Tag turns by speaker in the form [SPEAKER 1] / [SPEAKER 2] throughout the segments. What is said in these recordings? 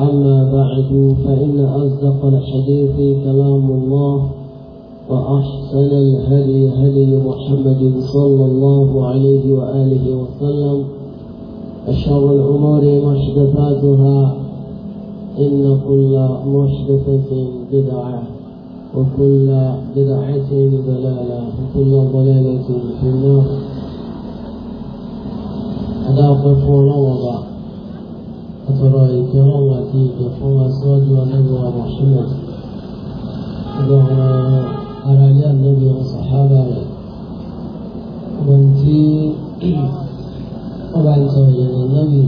[SPEAKER 1] أما بعد فإن أصدق الحديث كلام الله وأحسن الهدي هدي محمد صلى الله عليه وآله وسلم أشهر الأمور محدثاتها إن كل محدثة بدعة وكل بدعة ضلالة وكل ضلالة في النار هذا الله àtọ̀rọ̀ ìkẹ́wọ̀n àti ìgbẹ̀ fún aṣíwájú alẹ́wà Muhammad gbọ́n ara ilé àlẹ́bí ọmọ sàhábà rẹ̀ wọ́n tí wọ́n bá ń tọ ìyẹ̀nà lẹ́bí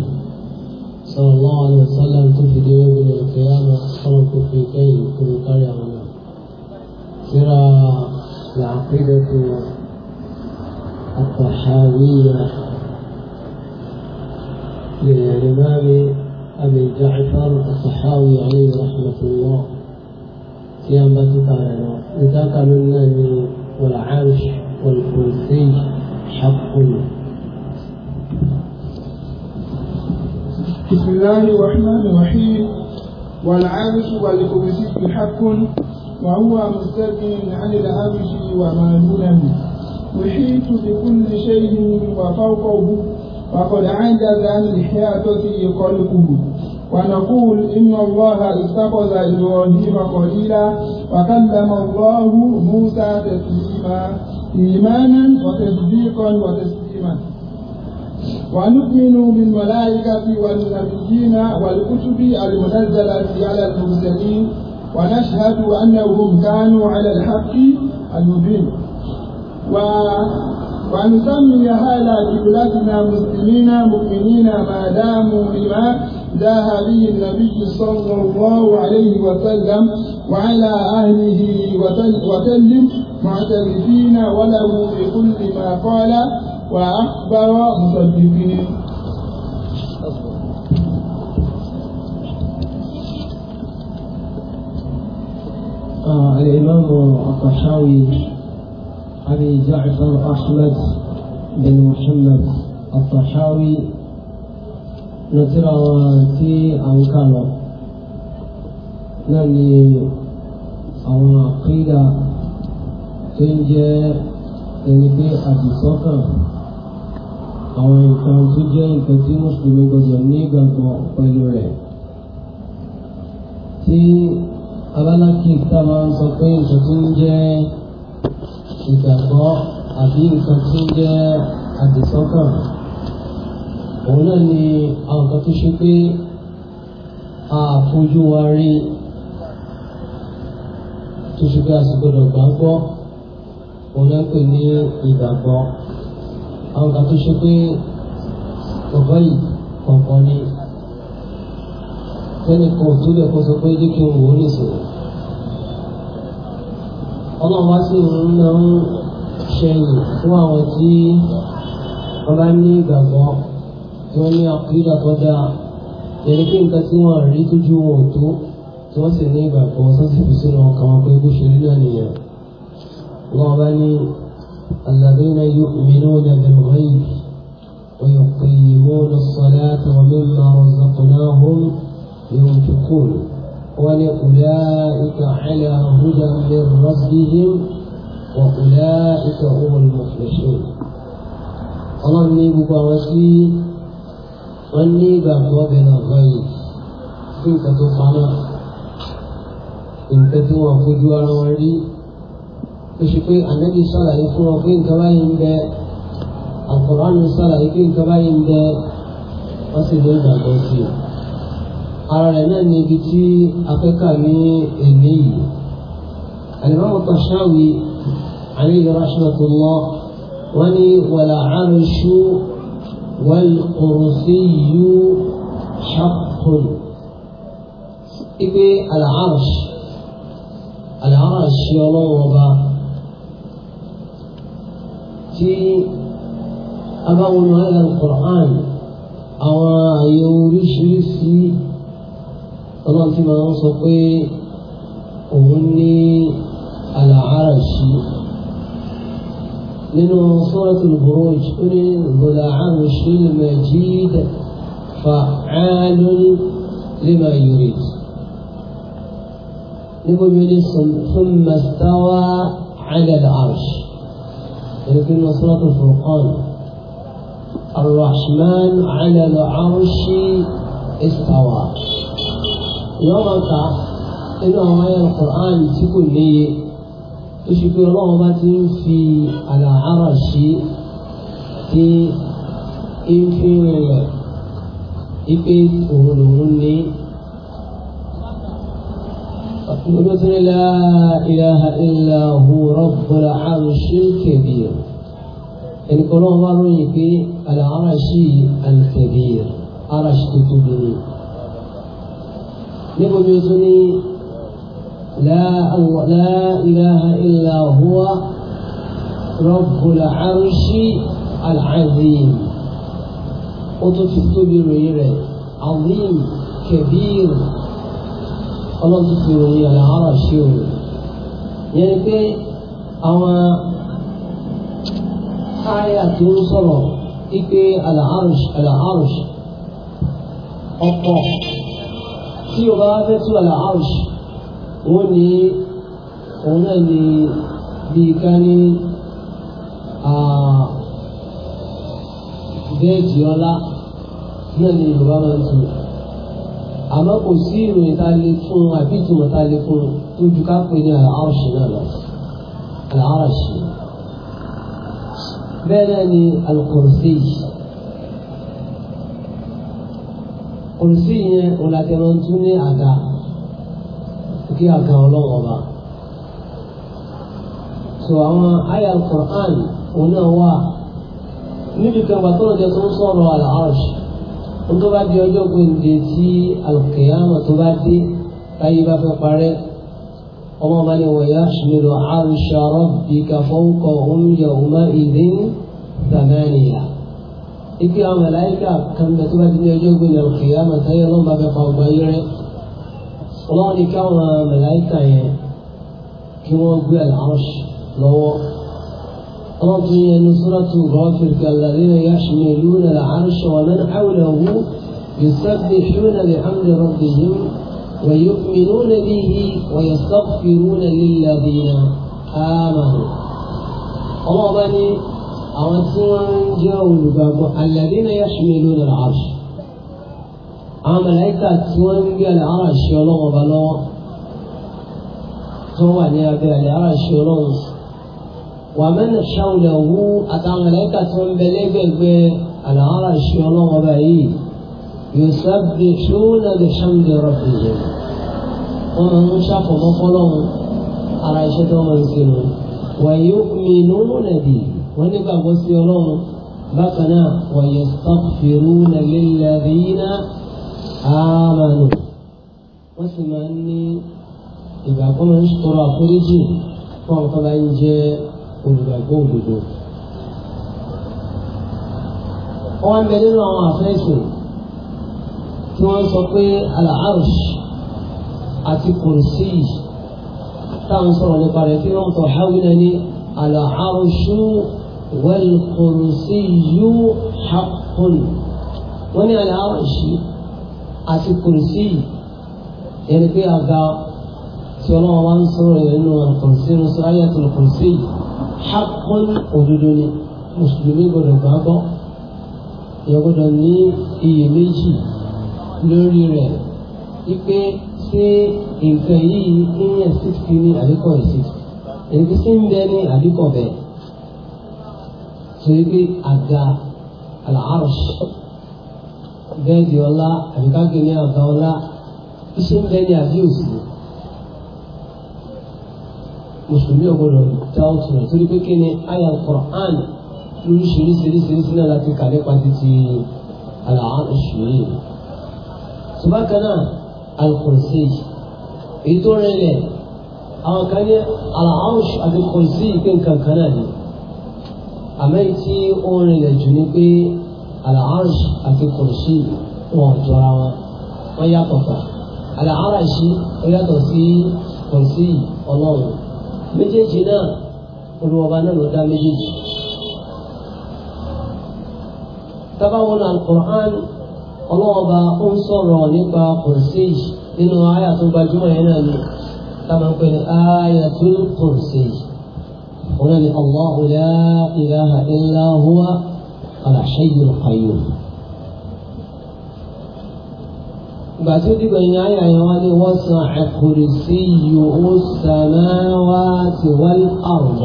[SPEAKER 1] sallallahu alaihi wasallam tó fi dé wẹ́bí rẹ̀ kẹ́ àmọ́ sọ́rọ̀ kò fi kẹ́yìn kúrò kárí àwọn náà síra làákúdẹ́kù الطحاوية للإمام أبي جعفر الصحاوي عليه رحمة الله سيامة إذا ذاك النبي والعرش والكرسي حق
[SPEAKER 2] بسم الله الرحمن الرحيم والعرش والكرسي حق وهو مستغن عن العرش وما دونه محيط بكل شيء وفوقه وقد عجز عن حياته خلقه ونقول إن الله اتخذ إبراهيم خليلا وكلم الله موسى تكليما إيمانا وتصديقا وتسليما ونؤمن بالملائكة والنبيين والكتب المنزلة على المرسلين ونشهد أنهم كانوا على الحق المبين و... ونسمي أهل قبلتنا مسلمين مؤمنين ما داموا بما داها به النبي صلى الله عليه وسلم وعلى أهله وسلم معترفين وله بكل ما قال وأخبر مصدقين
[SPEAKER 1] آه، الإمام الطحاوي أبي جعفر أحمد بن محمد الطحاوي ní tíra wọn tí àwọn kà lọ náà ni àwọn àkídà tó ń jẹ́ ẹni pé àdìsọ́kàn àwọn nǹkan tó jẹ́ nǹkan tí mùsùlùmí gbọdọ̀ ní ìgbàgbọ́ pẹ̀lú rẹ̀ tí alálákì tá a máa ń òun náà ni àwọn kan tó ṣe pé àfojú wa rí tó ṣe pé a sì gbọdọ̀ gbàgbọ́ òun náà pè ní ìgbàgbọ́ àwọn kan tó ṣe pé bàbá yìí kọ̀ọ̀kan ni tẹ́nìkan ò tó lè kó sọ pé jẹ́ kí n wò ó lè sọ̀rọ̀ ọlọ́run wá sí òun náà ń ṣẹ̀yìn fún àwọn tí wọ́n bá ní ìgbàgbọ́ tí wọ́n ní àkídà tó dáa yẹni pé nǹkan tí wọ́n rí tójú wọn ò tó tí wọ́n sì ní ìgbàgbọ́ sọ́sì fi sínú ọkàn wọn pé bó ṣe rí náà nìyẹn. wọ́n bá ní alladhina yu'minuna bil-ghayb wa yuqimuna as-salata wa mimma razaqnahum yunfiqun wọ́n ní ulaika ala hudan min rabbihim wa ulaika humul muflihun. ọlọ́run ní gbogbo àwọn tí wọ́n ní ìgbàgbọ́ bẹ̀rẹ̀ ọ̀gá yìí sí nǹkan tó pamọ́ nǹkan tí wọ́n fojú ara wọn rí ó ṣe pé ànábì sàlàyé fún wọn pé nǹkan báyìí ń bẹ àkùránù sàlàyé pé nǹkan báyìí ń bẹ wọ́n sì ló gbàgbọ́ sí i ara rẹ̀ náà ní ibi tí akẹ́kọ̀ọ́ ní èmi yìí àlùmọ́ọ̀mù Kashawi alayhi rahmatullah wọ́n ní wàlà àrùn ṣú والقرسي حق ipe al'arsh al'arsh ọlọ́wọ́ ọba tí abáwọn ayé al-Qur'an àwọn ààyè oríṣiríṣi ọlọ́run ti máa ń sọ pé òun ní al'arsh yìí. من سورة البروج ذلعان المجيد فعال لما يريد لما يريد ثم استوى على العرش لكن سورة الفرقان الرحمن على العرش استوى يوم إنه آية القرآن تقول لي tó ṣe pé ọlọ́run bá ti ń fi àlàárà ṣe tí ń fi rẹ̀ ipe òun lòun ní. قلوبنا لا إله إلا هو رب العرش الكبير إن قلوبنا ريكي العرش الكبير عرش تتبني نبو بيزني لا الله لا إله إلا هو رب العرش العظيم وتفسد بغيره عظيم كبير الله تفسد العرش يعني كي أما آية توصل إكي العرش العرش أطلق سيغابة العرش wọ́n ní òun náà ní bíi ká ní bẹ́ẹ̀dì ọlá náà ní yorùbá máa ń tún àmọ́ kò sí ìròyìn tá a lè fún un àbí ìtumọ̀ tá a lè fún un tó ju ká pè ní àlàárọ̀ṣì náà lọ àlàárọ̀ṣì bẹ́ẹ̀ náà ni alukọ̀nsí kọ̀nsí yẹn òun la máa ń tún ní àga kí àga ọlọ́run ọba. sọ àwọn àyà Qur'an òun náà wà níbi kan wà tọ́lọ̀ jẹ́ tó ń sọ̀rọ̀ al-arsh ó tó bá di ọjọ́ gbòǹde tí al-qiyama tó bá dé láyé bá fẹ́ parẹ́ ọmọ ọba ni wọ́n yá ṣùgbọ́n arsha rabbika fawqahum yawma'idhin thamaniya ike àwọn màláíkà kan bẹ tó bá di ọjọ́ gbòǹde al-qiyama táyé ọlọ́run bá fẹ́ pa ọgbà yẹrẹ. ọlọ́run ní káwọn mẹ̀láìkà yẹn kí wọ́n gbé àlàáṣì lọ́wọ́ ọlọ́run tó yẹ ní sọ́dọ̀tù rọ́fìr kàlàlẹ́ yàṣùmí ìlú nàlà àrùṣọ wọn náà àwùlẹ̀wù يسبحون بحمد ربهم ويؤمنون به ويستغفرون للذين آمنوا الله بني أو تنجوا الباب الذين يحملون العرش àwọn mẹlẹ́kà tí wọ́n ń gbé àlẹ́ aráàṣẹ ọlọ́run ọba lọ́wọ́ tó wà ní abẹ́ àlẹ́ aráàṣẹ ọlọ́run wà mẹ́nà ṣàwùlẹ̀ wú àtàwọn mẹlẹ́kà tó ń bẹ lẹ́gbẹ̀gbẹ́ àlẹ́ aráàṣẹ ọlọ́run ọba yìí yusabbihuna bihamdi rabbihim wọ́n máa ń ṣàfọ̀mọ́ fọlọ́run ara iṣẹ́ tó máa ń ṣe lọ wa yu'minuna bi wọ́n nígbàgbọ́ sí ọlọ́run bákan náà wa yastaghfiruna lilladhina àmánù wọ́n sì máa ń ní ìgbà kan máa ń tọrọ àforíjì fún àwọn kan bá ń jẹ́ olùgbàgbọ́ òdodo. wọ́n ń bẹ nínú àwọn àfẹ́sìn tí wọ́n sọ pé al-arsh àti kùrùsí táwọn sọ̀rọ̀ nípa rẹ̀ tí wọ́n tọ̀ háwìnà ní al-arshu wal-kùrùsí yóò hàkùn wọ́n ní al-arsh yìí àti kùrìsì yẹn pé àga tí ọlọ́run bá ń sọ̀rọ̀ rẹ̀ nínú kùrìsì nínú sọ́ráyà tó kùrìsì hapun òdodo ni mùsùlùmí gbọdọ̀ gbà gbọ́ èèyàn gbọdọ̀ ní iyèméjì lórí rẹ̀ wípé ṣé nǹkan yìí ń yẹ sixty ní àdínkọ̀ ìsìtì èyí sì ń bẹ ní àdínkọ̀ bẹ́ẹ̀ torí pé àga àlàárọ̀ ṣọ́ọ̀ bẹ́ẹ̀dì ọlá àbíkágbé ní àga ọlá iṣẹ́ ń bẹ́ẹ̀ ní àbíòsì mùsùlùmí ọgbọ́dọ̀ dá òtún rẹ̀ torí pé kí ni àyà Al-Qur'an lóríṣiríṣiríṣiríṣi náà láti kà nípa títí àlàáhàn ìṣòro yìí. ṣùgbọ́n kan náà Al-Kursi èyí àlàárùsì àti kùrùsì wọn jọra wọn wọn yàtọ̀ kan àlàárùsì ó yàtọ̀ sí kùrùsì ọlọ́run méjèèjì náà olùwọba náà ló dá méjèèjì. tábàwọn náà alukur'an ọlọ́ọba ó ń sọ̀rọ̀ nípa kùrùsì nínú àyà tó gbajúmọ̀ yẹn náà ni táwọn pè ní àyà tó kùrùsì. هنا الله لا إله إلا هو al-hayy al-qayyum. ìgbà tí ó dìgbà yẹn ayé àyàn wá ní wọ́n san kursiyu as-samawati wal-ard.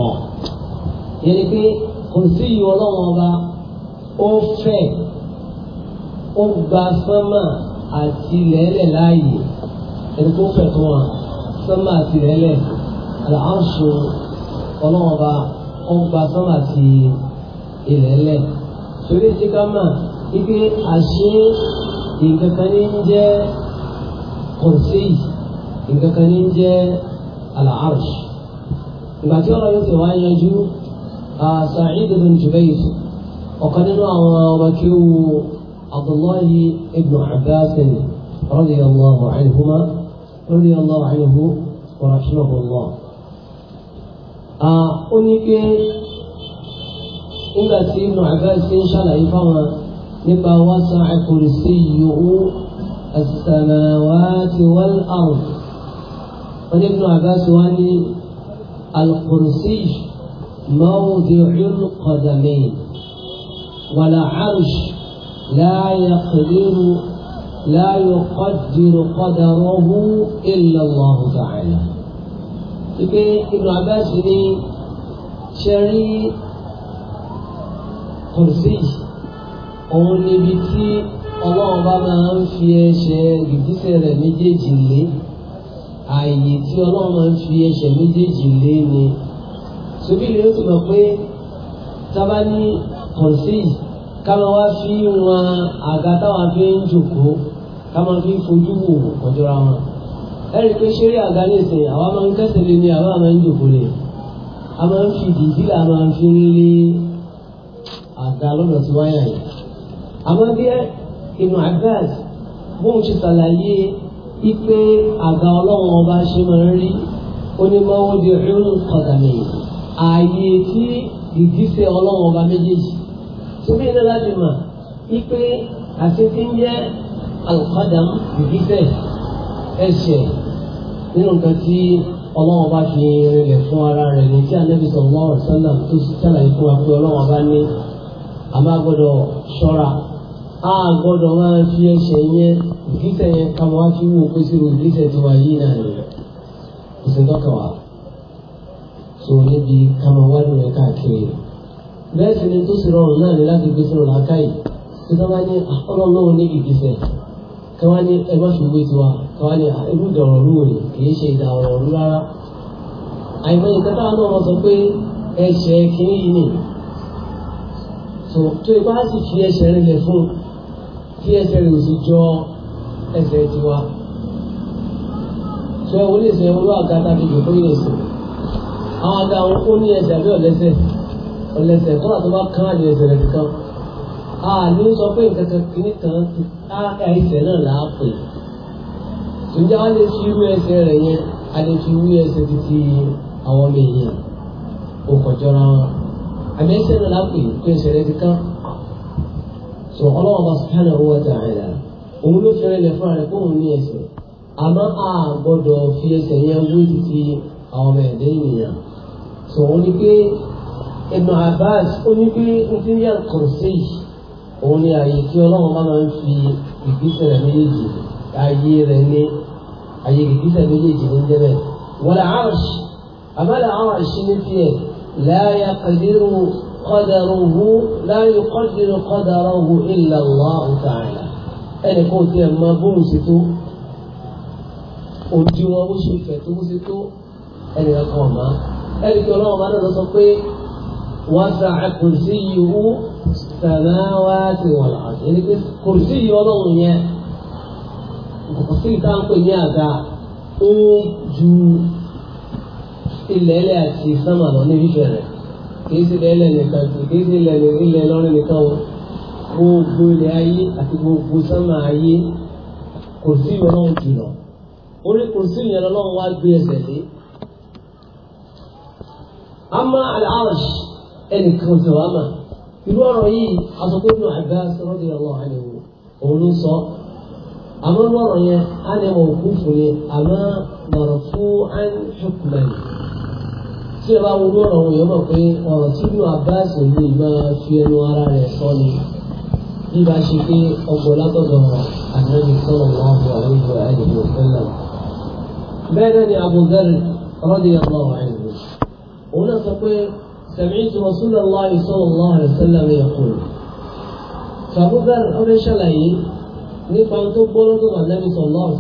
[SPEAKER 1] yẹn ni pé kursiyu ọlọ́wọ́n ọba ó fẹ̀ ó gba sánmà àti lẹ́lẹ̀ láàyè ẹni tó fẹ̀ tó wọn sánmà àti lẹ́lẹ̀ al-arshu ọlọ́wọ́n ọba ó gba sánmà àti ilẹ̀lẹ̀ torí ṣe ká mà ibi àṣẹ nǹkan kan ní ń jẹ́ kọ̀ǹsì nǹkan kan ní ń jẹ́ al-arsh ìgbà tí ọ̀rọ̀ yóò ti wá yanjú Sa'id ibn Jubayr ọ̀kan nínú àwọn ọba kí ó wu Abdullahi ibn Abbas radiyallahu anhuma radiyallahu anhu wa rahimahullah. ó ní pé nígbà tí ibn abbas ń ṣàlàyé fáwọn nípa wàsàn àkùrìsí yòówù as-samawati wal ard wọn ibn abbas wá ní al-kursi mawdi'ul qadamayn wal arsh la yaqdiru la yuqaddiru qadarahu illa Allah ta'ala. ìpè ibn abbas ní ṣe rí kùrùsì òun níbi tí ọlọ́run bá máa ń fi ẹsẹ̀ gìgísẹ̀ rẹ̀ méjèèjì lé ààyè tí ọlọ́run máa ń fi ẹsẹ̀ méjèèjì lé ni sobi lè tó lọ pé tábà ní kùrùsì káma wá fi wọn àga táwọn fi ń jòkó káma fi fojú wò ọjọ́ra wọn ẹ̀rí pé ṣeré àga nìsín àwa máa ń kẹ́sẹ̀ lé ní àwa máa ń jòkó lé a máa ń fi dìídì là máa ń fi ń lé dáa lọ́dọ̀ tí wáyà yìí. àmọ́ bí Ibn Abbas bóun ti ṣàlàyé ipe àga ọlọ́run ọba ṣe máa ń rí onímọ̀wọ́dì ọ̀hún kọ̀dàmì ààyè tí ìdíṣẹ́ ọlọ́run ọba méjèèjì. sóbì iná láti mà ipe àti tí ń jẹ́ alùpàdàm ìdíṣẹ́ ẹ̀ṣẹ̀ nínú nǹkan tí ọlọ́run ọba fi rinlẹ̀ fún ara rẹ̀ ní tí anábìsọ̀ ọlọ́run sálàm tó ṣàlàyé fún wa pé ọlọ́run ọba ní a máa gbọ́dọ̀ ṣọ́ra a gbọ́dọ̀ máa fi ẹsẹ̀ yẹn ìgbésẹ̀ yẹn ká máa fi wò pé sí ìgbésẹ̀ tí wà yìí náà rẹ̀ kò sí lọ́kàn wa so níbi ká máa wá lóye káàkiri bẹ́ẹ̀ sì ni tó sì rọrùn náà ní láti gbé sínú làákàyè tí wọ́n bá ní ọlọ́run náà ní ìgbésẹ̀ ká wá ní ẹ má fi wé tiwa ká wá ní irú ìdọ̀rọ̀ rú òní kì í ṣe ìdàrọ̀ rárá àìmọye so tó ipá sì fi ẹsẹ̀ rẹ̀ lẹ̀ fún kí ẹsẹ̀ rẹ̀ ò sì jọ ẹsẹ̀ tiwa so ẹ wọlé ìsìn ẹwọlé àga tàbí ìdòkó yìí ìsìn àwọn àga àwọn ó ní ẹsẹ̀ àbí ọ̀lẹ́sẹ̀ ọ̀lẹ́sẹ̀ kọ́nà tó bá kán àlè ẹsẹ̀ rẹ̀ nìkan a ní sọ pé nǹkan kan kìíní kan á ẹsẹ̀ náà là á pè ǹjẹ́ wọ́n lè fi irú ẹsẹ̀ rẹ̀ yẹn a lè fi irú ẹsẹ̀ títí àwọn ọmọ èèyàn ó kọjọ́ra wọn àmì ẹsẹ̀ náà lápè pé ìṣẹ̀lẹ̀ ti kán sọ ọlọ́wọ́ bá subhanahu wa ta'ala òun ló fẹ́rẹ̀ lẹ̀ fún ààrẹ kóun ní ẹsẹ̀ àmọ́ a gbọ́dọ̀ fi ẹsẹ̀ yẹn wé títí àwọn ọmọ ẹ̀dẹ́ ènìyàn sọ òun ni pé Ibn Abbas ó ní pé imperial council òun ni ààyè tí ọlọ́wọ́ bá máa ń fi ìgbésẹ̀ rẹ̀ méjèèjì ààyè rẹ̀ ní ààyè ìgbésẹ̀ méjèèjì ní jẹ́rẹ̀ wọ́n lẹ́ àrùsì àmọ́ lẹ́ àrùsì ní tiẹ̀ لا يقدر قدره لا يقدر قدره إلا الله تعالى أنا كنت لما بوستو ojú wọn ó ṣe ìfẹ́ tó ṣe tó ẹnì kan ọ̀ma ẹnì kan ọlọ́run bá náà sọ pé wọ́n sa kùrìsì yìí wú sàmáwá ti wọ̀n lọ́wọ́ ẹni pé kùrìsì yìí ọlọ́run yẹn kùrìsì yìí tá à ní àga ó ju ilẹ̀ ilẹ̀ àti sánmà lọ níbi ìbẹ̀rẹ̀ kì í sì lẹ́lẹ̀ nìkan tì kì í sì lẹ́lẹ̀ ilẹ̀ lọ́rùn nìkan o gbogbo ilẹ̀ ayé àti gbogbo sánmà ayé kò sí ìrọ̀lọ́run jùlọ orí kò sí ìrọ̀lọ́run wá gbé ẹsẹ̀ lé. ama al-arsh ẹnìkan ò sì wá mà irú ọ̀rọ̀ yìí asọ́kó nù àgbà sọ́rọ́ di ọlọ́run òun ló sọ àmọ́ lọ́rọ̀ yẹn á ní ọ̀kú tí ẹ bá wúlò ọ̀rọ̀ òun yẹn mọ̀ pé ọ̀rọ̀ tí inú Abbas ìlú máa fi ẹnu ara rẹ̀ sọ ni bí bá ṣe pé ọgbọ̀n látọ̀dọ̀ ànábi sọ̀rọ̀ wọn àbọ̀ àwọn ìlú ẹ̀dínwó fẹ́lẹ̀. bẹ́ẹ̀ náà ni Abu Dharr radiyallahu anhu òun náà sọ pé sami'tu Rasulullah sallallahu alaihi wasallam yaqul. Abu Dharr ọmọ ìṣàlàyé nípa tó gbọ́ lọ́dọ̀ ànábi sọ̀rọ̀ wọn àbọ̀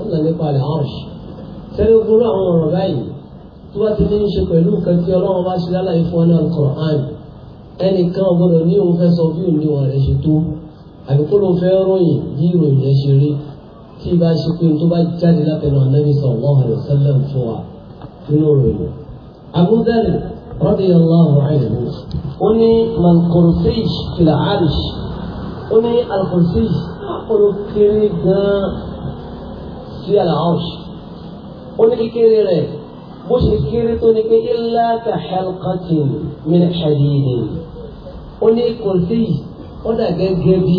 [SPEAKER 1] àwọn ìlú ẹ̀dínwó fẹ́lẹ̀ tó bá ti ní í ṣe pẹ̀lú nǹkan tí ọlọ́run bá ṣe lálàyé fún ọ́nà Al-Qur'an ẹnìkan ọgbọ́dọ̀ ní òun fẹ́ sọ bí òníwọ̀n rẹ̀ ṣe tó àbíkó ló fẹ́ ròyìn bí ìròyìn yẹn ṣe rí tí bá ṣe pé tó bá jáde látẹnu Ànábì sallallahu alaihi wasallam fún wa nínú ròyìn. Abu Dharr radiyallahu anhu ó ní malkursij fil arish ó ní alkursij àkọlù kéré gan-an sí àlàáṣ ó ní kékeré rẹ̀ bó ṣe kéré tó ní pé illa ka halqatin min hadid ó ní kò sí ó dà gẹ́gẹ́ bí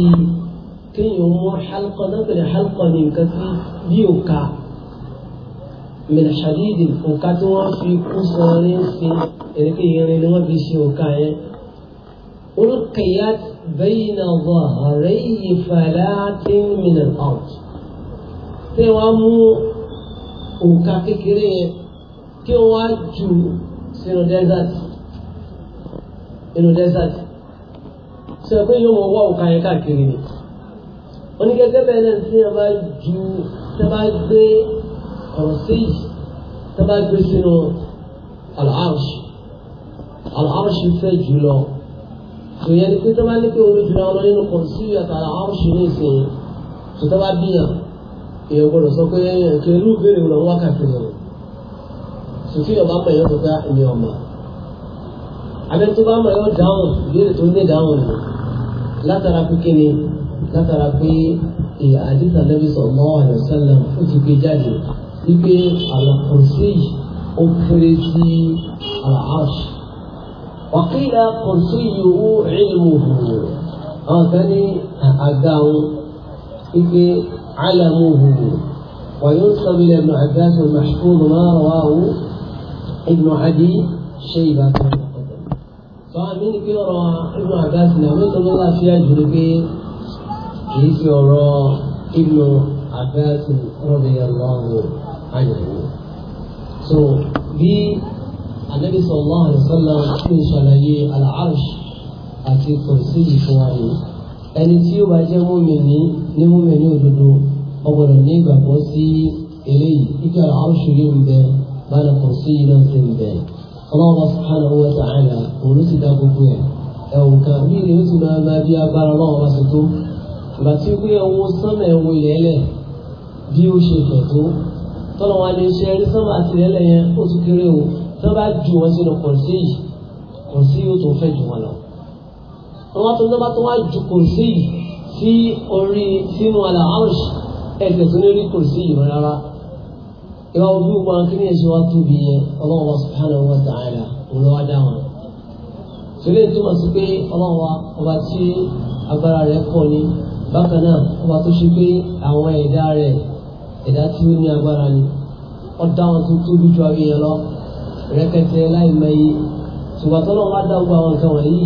[SPEAKER 1] kéèyàn mú halqa lọ́pẹ̀lẹ̀ halqa ní nǹkan tí bí òka min hadid òka tí wọ́n fi kú sọ ní ṣe ẹ̀rẹ́kẹ́ ni wọ́n fi ṣe òka yẹn ulqiyat bayna dhahrayi falatin min al-ard tí wọ́n mú òka kékeré yẹn kí wọ́n á ju sínú desert inú desert sọ pé yóò wọ́n wá òkà yẹn káàkiri ni onígẹ́gẹ́ bẹ́ẹ̀ náà tí wọ́n bá ju tí wọ́n bá gbé ọ̀rọ̀ sí yìí tí wọ́n bá gbé sínú al-arsh al-arsh fẹ́ jù lọ tó yẹ ni pé tí wọ́n bá ní pé olójúra wọn nínú kọ̀ọ̀sí àti al-arsh ní ìsìn tó tí wọ́n bá bíyàn èèyàn gbọ́dọ̀ sọ pé kí irú ìbéèrè wọn wákàtí wọn sòtí ọba mọ̀ yóò tó bá ẹni ọmọ abẹ́ tó bá mọ̀ yóò dáhùn ìbéèrè tó ní dáhùn nù látara pé kíni látara pé ìyá àdìsá lẹ́bí sọ̀mọ́ àdìsálàm ó ti gbé jáde wípé àwọn kò sí ó kéré sí àlàáṣì wàkìlá kò sí ìyòwò ìlú àwọn kan ní àga wọn wípé àlàmù òhùn وينسب إلى ابن عباس المحفوظ ما رواه ابن عدي شيبة من فمن كرة ابن عباس نعمت الله في أجربي كيف يرى ابن عباس رضي الله عنه so bí anabi sallallahu alayhi wa sallam ń ṣàlàyé al-arsh àti kùrìsì yìí fún wa yìí ẹni tí ó bá jẹ́ mọ́mìnì ní mọ́mìnì òdodo ó ní ìgbàgbọ́ sí eléyìí kíkẹ́ al yìí ń bẹ́ẹ̀ báyìí kò sí iná ṣe ń bẹ̀. ọlọ́run subhanahu wa ta'ala òun ti da gbogbo ẹ̀ ẹ̀wọ̀n kan bí ilé oṣù náà máa bí agbára ọlọ́run bá ṣe tó ìgbà tí ó gbé ẹ̀wọ̀n sánmà ẹ̀wọ̀n ilẹ̀ ẹlẹ̀ wa lè ṣe ẹrí sánmà àti ilẹ̀ yẹn ó tún kéré o tó ju wọn sínú kò sí yìí kò sí ju wọn lọ. wọ́n tó tó bá tó ju kò sí yìí sí orí sínú àlà àrùsì ẹ̀sẹ̀ tó ní rí kò sí yìí ìwà ojú wọn kí ni èso wa wa subhanahu wa ta'ala olówó dá wọn. sọlẹ́ túmọ̀ sí pé ọlọ́run wa ọba tí agbára rẹ̀ pọ̀ ni bákan náà ọba tó ṣe pé àwọn ẹ̀dá rẹ̀ ẹ̀dá tí ó ní agbára ni ọ̀dá wọn tó tóbi ju àwọn èèyàn lọ rẹ̀kẹ̀tẹ̀ láì mẹ́yì ṣùgbọ́n tó lọ́wọ́ dá gbogbo àwọn nǹkan wọ̀nyí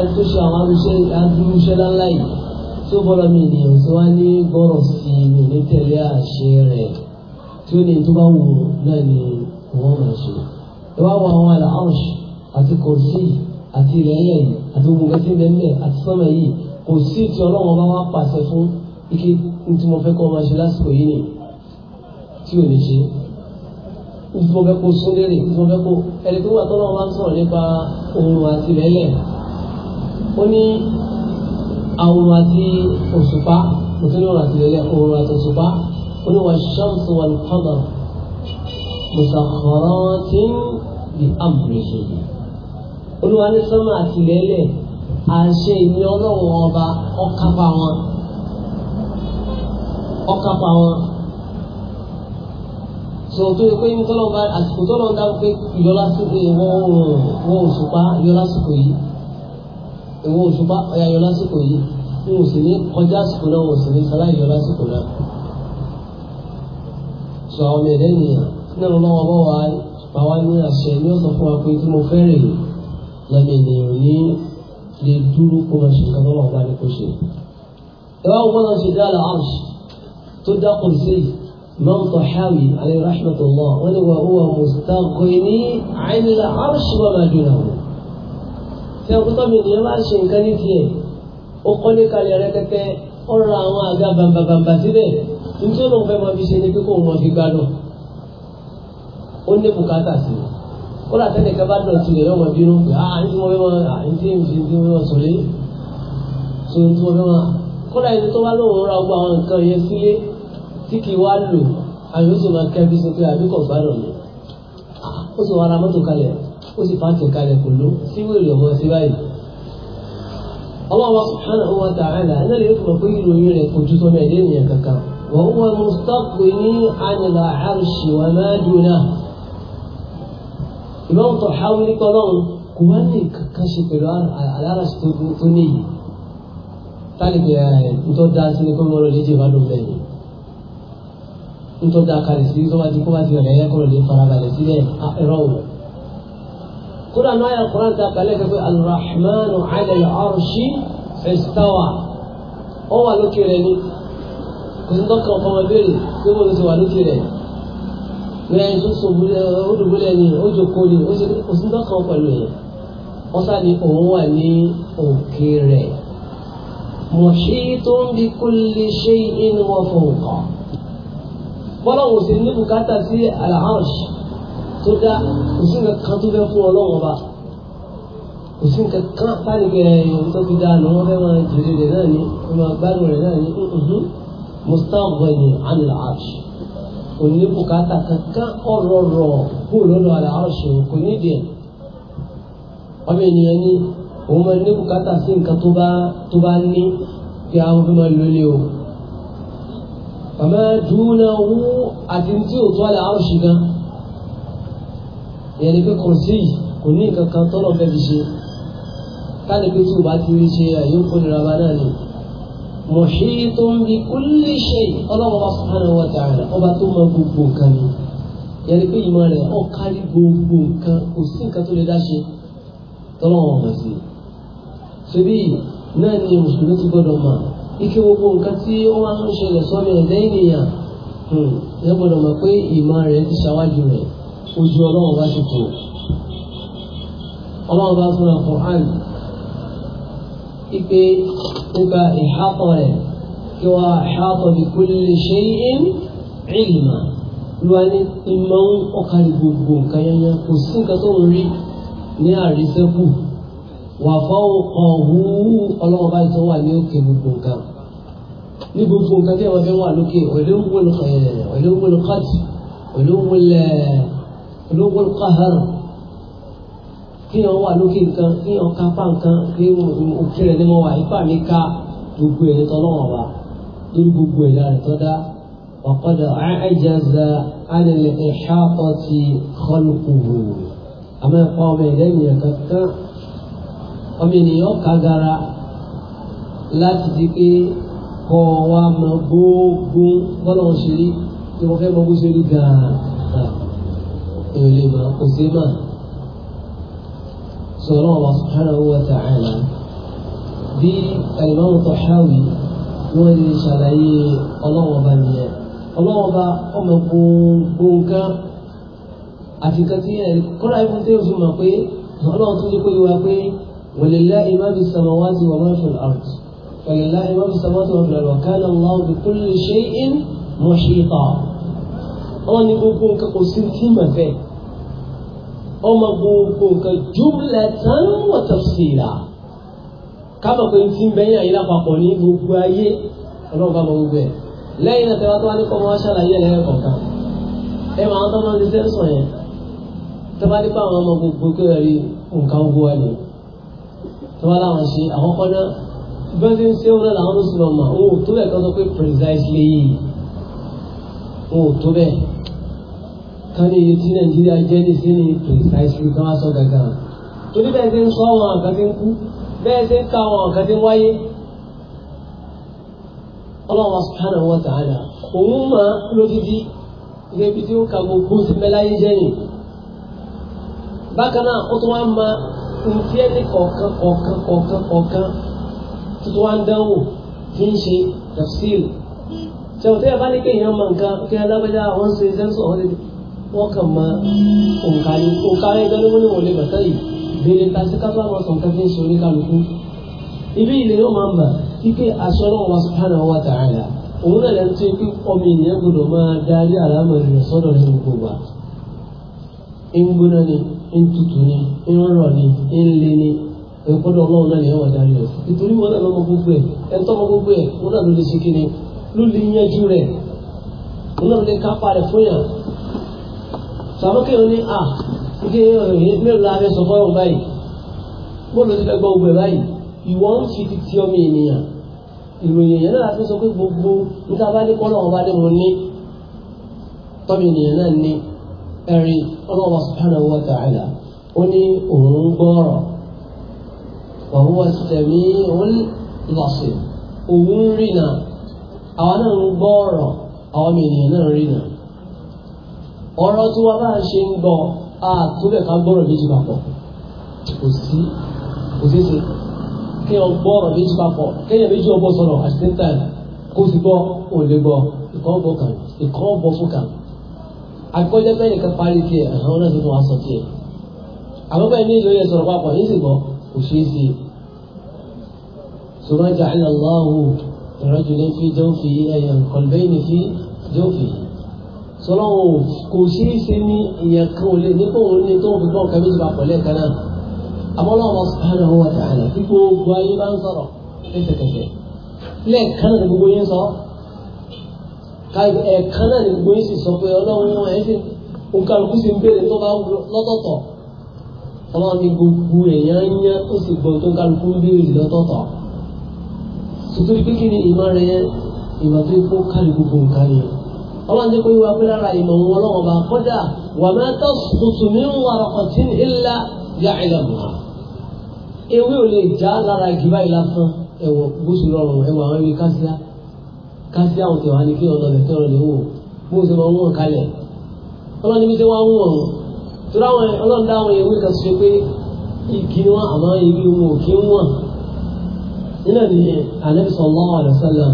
[SPEAKER 1] ẹni tó ṣe àwọn adúrúṣẹ́ láńlá yìí tó bọ́lá mi ènìyàn tó wá ní gbọ́rọ̀ tí ó ní tó bá wù náà ni wọ́n máa ṣe. ẹ wá wọ àwọn àlà arsh àti kòsí àti ìrẹ̀lẹ̀ yìí àti ogun kẹsí ìrẹ̀lẹ̀ àti sọ́mọ̀ yìí kò sí ti ọlọ́wọ́n bá wá pàṣẹ fún ike tí mo fẹ́ kọ́ máa ṣe lásìkò yìí ni tí ò lè ṣe tí mo fẹ́ kó súnlérè tí mo fẹ́ kó ẹni tó wà tọ́lọ́wọ́n bá ń sọ̀rọ̀ nípa oòrùn àti ìrẹ̀lẹ̀ ó ní àwọn àti òṣùpá òṣùpá oníwà ṣámsù wà lùkọ́dà mùsàkọ́rọ́ tí ń di àmúrèṣe olúwa ní sọ́mà àtìlẹ́lẹ̀ àṣẹ ìní ọlọ́run ọba ọ̀kápá wọn ọ̀kápá wọn so tó yẹ pé nítorí ọba àsìkò tó lọ́n dáhùn pé ìyọlá sùkò ìwọ oòrùn ìwọ òṣùpá ìyọlá sùkò yìí ìwọ òṣùpá ọ̀yà ìyọlá sùkò yìí n ò sì ní kọjá àsìkò náà n ò sọlá ìyọlá náà sọ àwọn ọmọ ẹ̀dẹ́ ènìyàn náà lọ́wọ́ bọ́ wa bá wa ní àṣẹ ní ọ̀sán fún wa pé tí mo fẹ́ rè é lọ́mọ ènìyàn ní lè dúró kó máa ṣe nǹkan lọ́wọ́ bá ní kó ṣe. ìwà wọn náà ṣe dá àlà àrùs tó dá kò sí Imam Tahawi alayhi rahmatullah wọn ni wà wúwa mustaghni anil arsh wa ma dunahu. tí a kó tọ́ mi ènìyàn máa ṣe nǹkan ní tiẹ̀ ó kọ́lé kalẹ̀ rẹ́kẹ́kẹ́ ó ra àwọn àga bàbàbàbà síbẹ̀ ní tí ó lóun fẹ́ máa fi ṣe ni pé kóun máa fi gbádùn ó ní bùkátà sí i ó là tẹ́lẹ̀ kẹ́ bá dùn ti rẹ̀ lọ́mọ bínú pé ah ní tí wọ́n fẹ́ máa ah, ní tí mo fi ní wọ́n sọ lé so ní tí wọ́n fẹ́ máa kódà ẹni tó bá lóun ra gbogbo àwọn nǹkan yẹn sílé tí kì í wá lò àyè ó sì máa kẹ́ bí sí pé àbíkọ̀ gbádùn mi ah, ó sì wá ra mọ́tò kalẹ̀ ó sì pàǹtì kalẹ̀ kò ló sí wèrè ọmọ sí báyìí. Allah wa ta'ala náà lè fún ọ pé ìròyìn وهو مستقني عن العرش وما دونه Imam Tahawi ní kọ́lọ́run kò wá ní kankan ṣe pẹ̀lú alárasì tó níyì tálíbi ntọ́ da sí ní kọ́mọ́rọ́ lè jẹ́ ìbádùn bẹ́ẹ̀ ni ntọ́ da kalẹ̀ sí tó bá ti kó bá ti rẹ̀ ẹ̀kọ́ lè farabalẹ̀ sílẹ̀ ẹ̀rọ wò. kódà náà yà kúrán ta kalẹ̀ kẹ́kẹ́ alrahmanu ala al-arshi istawa ó wà lókè ni òun kọ́kọ́ ọkọ wọn béèrè pé mo lè ti wà lókè rẹ̀ pé ẹni tó sòbúlẹ̀ ó dùbúlẹ̀ ni ó jókòó ni ó o ń dọ́kọ̀ pẹ̀lú ẹ̀ wọ́n sá ni òun wà ní òkè rẹ̀ muhitun bi kulli shay'in wa fawqa bọ́lá wò sí ní bùkátà sí al-arsh tó dá kò sí nǹkan kan tó fẹ́ fún ọlọ́run ọba kò sí nǹkan kan sáni kẹrẹ ẹ̀yìn tó fi dá àná wọ́n fẹ́ máa jèrè rẹ̀ náà ni wọ́n máa gbádùn rẹ̀ ni mustaghni anil arsh kò ní bùkátà kankan ọ̀rọ̀ rọ̀ kó lọ́dọ̀ àlẹ́ arsh kò ní dìẹ̀ ọmọ ènìyàn ní òun máa ní bùkátà sí nǹkan tó bá tó bá ní kí àwọn fi máa lólè o ọmọ dùnà wú àti tí ò tó àlẹ́ arsh gan ìyẹn ni pé kò sí kò ní nǹkan kan tọ́lọ̀ fẹ́ fi ṣe káàdì pé tí o bá ti rí ṣe àyè ń fún ìrora náà ni muhitun bi kulli shay ọlọ́wọ́ bá subhanahu wa ta'ala ọba tó mọ gbogbo nǹkan ni yẹni pé ìmọ̀ rẹ̀ ọ̀ kárí gbogbo nǹkan kò sí nǹkan tó lè dá ṣe tọ́lọ́wọ́ mọ̀ sí. ṣebí náà ni mùsùlùmí ti gbọ́dọ̀ mọ̀ ike gbogbo nǹkan tí ó wá ń ṣẹlẹ̀ sọ́mi ẹ̀dá ènìyàn hmm, ẹ gbọ́dọ̀ mọ̀ pé ìmọ̀ rẹ̀ ti ṣáwájú rẹ̀ ojú ọlọ́wọ́ bá ti tó ọlọ́wọ́ bá tún ipe ó gba ìhápọ̀ rẹ̀ kí wọ́n ìhápọ̀ bí kulli shay'in ilma lóra ní ìmọ̀ ọ̀kadì gbogbo nǹkan yẹn yẹn kò sí nǹkan tó ń rí ní àrísẹ́kù wà fọ́wọ́ ọ̀hún ọlọ́wọ́ báyìí tó wà ní òkè gbogbo nǹkan ní gbogbo nǹkan tí wọ́n fi wà lókè olówó olùkọ́tì olówó olùkọ́hárùn kí wọn wà lókè nǹkan kí wọn ká pa nǹkan kí òkè rẹ ní wọn wà ipá mi ká gbogbo ẹ̀ tọ́ lọ́wọ́ wa lórí gbogbo ẹ̀ lára tọ́ dá ọ̀kọ́dà àìjẹ́zà alẹ́lẹ́ ìṣàkọ́ ti kọ́lùkùrù àmọ́ ẹ̀kọ́ ọmọ ẹ̀dẹ́nìyàn kankan ọmọ ènìyàn kagara láti di pé kọ́ wa mọ gbogbo bọ́lá ń ṣe wọ́n fẹ́ mọ bó ṣe rí gan-an èlé mà kò sí mà sọ̀rọ̀ wa subhanahu wa ta'ala bí alimami Tahawi ni wọ́n ti ṣàlàyé ọlọ́wọ́ bá nìyẹn ọlọ́wọ́ bá ọmọ gbogbo nǹkan àfi kan tí kọ́ra ibi tí yóò fi mọ̀ pé ọlọ́wọ́ tó ti pé wa pé walillahi ma fi samawati wa ma fil ard walillahi ma fi samawati wa fil ard wa kana Allahu bi kulli shay'in muhita wọ́n ní gbogbo nǹkan kò sí fíìmù ẹ̀fẹ́ ọmọ gbogbo nǹkan jumlatan wa tafsila kábọ̀ pé ti ń bẹ ní àyílá papọ̀ ní gbogbo ayé ọlọ́run bá mọ gbogbo ẹ̀ lẹ́yìn náà tẹ́wá tó wá ní kọ́ máa ṣàlàyé ẹ̀lẹ́yìn kọ̀ọ̀kan ẹ máa tọ́ máa ń ṣiṣẹ́ sọ yẹn tó bá nípa àwọn ọmọ gbogbo kí wọ́n rí nǹkan gbogbo wa ni tó bá láwọn ṣe àkọ́kọ́ náà bí wọ́n ti ń ṣe ó náà làwọn ló sì lọ mọ̀ òun ò tó bẹ́ẹ̀ kan sọ pé precisely òun ò tó bẹ́ẹ̀ kan ní iye tí nàìjíríà jẹ́ ní wa ta'ala òun mọ̀ lódìdí ilé ibi tí ó ka gbogbo sí mẹ́láyé jẹ́yìn bákan náà ó tún wá ma nfi ẹni kọ̀ọ̀kan kọ̀ọ̀kan kọ̀ọ̀kan kọ̀ọ̀kan tó tún wá ń dánwò tí ń ṣe tafsir ṣe òtẹ́yà bá ní kéèyàn mọ̀ nǹkan wọ́n ka mọ òǹkà ni onye rẹ̀ gan ni ibe ní wọ́n lè bàtà yìí béèrè ta sí ibi ilẹ̀ yóò máa ma bà kíkẹ́ aṣọ náà na subhanahu ni ń ni ń ni ń le ni ìpọ́dọ̀ ọlọ́run na lèyàn wà darí rẹ̀ nítorí wọn náà lọ́mọ gbogbo ẹ̀ ẹ̀ tọ́mọ gbogbo ẹ̀ sàmókè ó ní à ike mélòó la fẹ́ sọ fọ́ọ̀rùn báyìí bóòlù ti fẹ́ gbọ́ gbẹ báyìí ìwọ ń fi ti ti ọmọ ènìyàn ìròyìn èèyàn náà fi sọ pé gbogbo níta bá ní kọ́nà ọba ní ní tọ́bi ènìyàn náà ní ẹ̀rí ọlọ́wọ́ subhanahu wa ta'ala ó ní òun gbọ́rọ̀ wa huwa as-sami'ul basir òun rìnà àwọn náà ń gbọ́rọ̀ àwọn ènìyàn náà rìnà ọ̀rọ̀ tí wọ́n bá ń ṣe ń gbọ́ àtúlẹ̀ ká gbọ́rọ̀ méjì papọ̀ kò sí kò sí ṣe kí ọ gbọ́rọ̀ méjì papọ̀ kéèyàn méjì ọgbọ́ sọ̀rọ̀ at the same time kó sì gbọ́ ò lè gbọ́ ìkan gbọ́ kan ìkan gbọ́ fún kan akọ́jọ́ bẹ́ẹ̀ nìkan parí tiẹ̀ àwọn náà ti tún wá sọ tiẹ̀ àwọn bẹ́ẹ̀ ní ìlú yẹn sọ̀rọ̀ papọ̀ yìí sì gbọ́ kò ṣe é sí i sọ̀rọ̀ ja'ala Allahu rajulin fi jawfihi ayyan qalbayni fi jawfihi sọlọ́wọ́ kò ṣe é ṣe ní ìyẹn kan ò lè ní kó òun ní tó ń fi gbọ́n kan méjì bá pẹ̀lẹ́ kan náà àmọ́ lọ́wọ́ subhanahu wa ta'ala tí gbogbo ayé bá ń sọ̀rọ̀ lẹ́sẹ̀kẹsẹ̀ lẹ́ẹ̀kan náà ni gbogbo yín sọ ẹ̀ẹ̀kan náà ni gbogbo yín sì sọ pé ọlọ́run ẹ̀ sì òǹkàlùkù sì ń béèrè tó bá lọ́tọ̀ọ̀tọ̀ ọlọ́run ní gbogbo èèyàn ń ó sì gbọ́ tó ń ń béèrè lọ́tọ̀ọ̀tọ̀ tuntun pé ni ìmọ̀ rẹ̀ yẹn ìmọ̀ tó kó kálukú gbòǹkà yẹn ọlọ́run jẹ́ kó yíwa pé lára ìmọ̀ wọn ọlọ́run bá kọ́dà wà máa tọ́ tuntun ní waraqatin illa ya'lamuha. ewé ò lè já lára ìgbà yìí lásán ẹ̀wọ̀n gúúsù lọ́rùn ẹ̀wọ̀n àwọn ewé kásíá kásíá òtẹ̀ wà ní kí ọ̀nà rẹ̀ tọ̀rọ̀ lè wò bó ṣe máa ń wọ̀n kalẹ̀ ọlọ́run níbi tí wọ́n wọ̀n tóra wọn ọlọ́run dá àwọn ewé kan ṣe pé igi wọn àmọ́ ewé wọn ò kí ń wọ̀n nílẹ̀ ní Ànábì sallallahu alaihi wasallam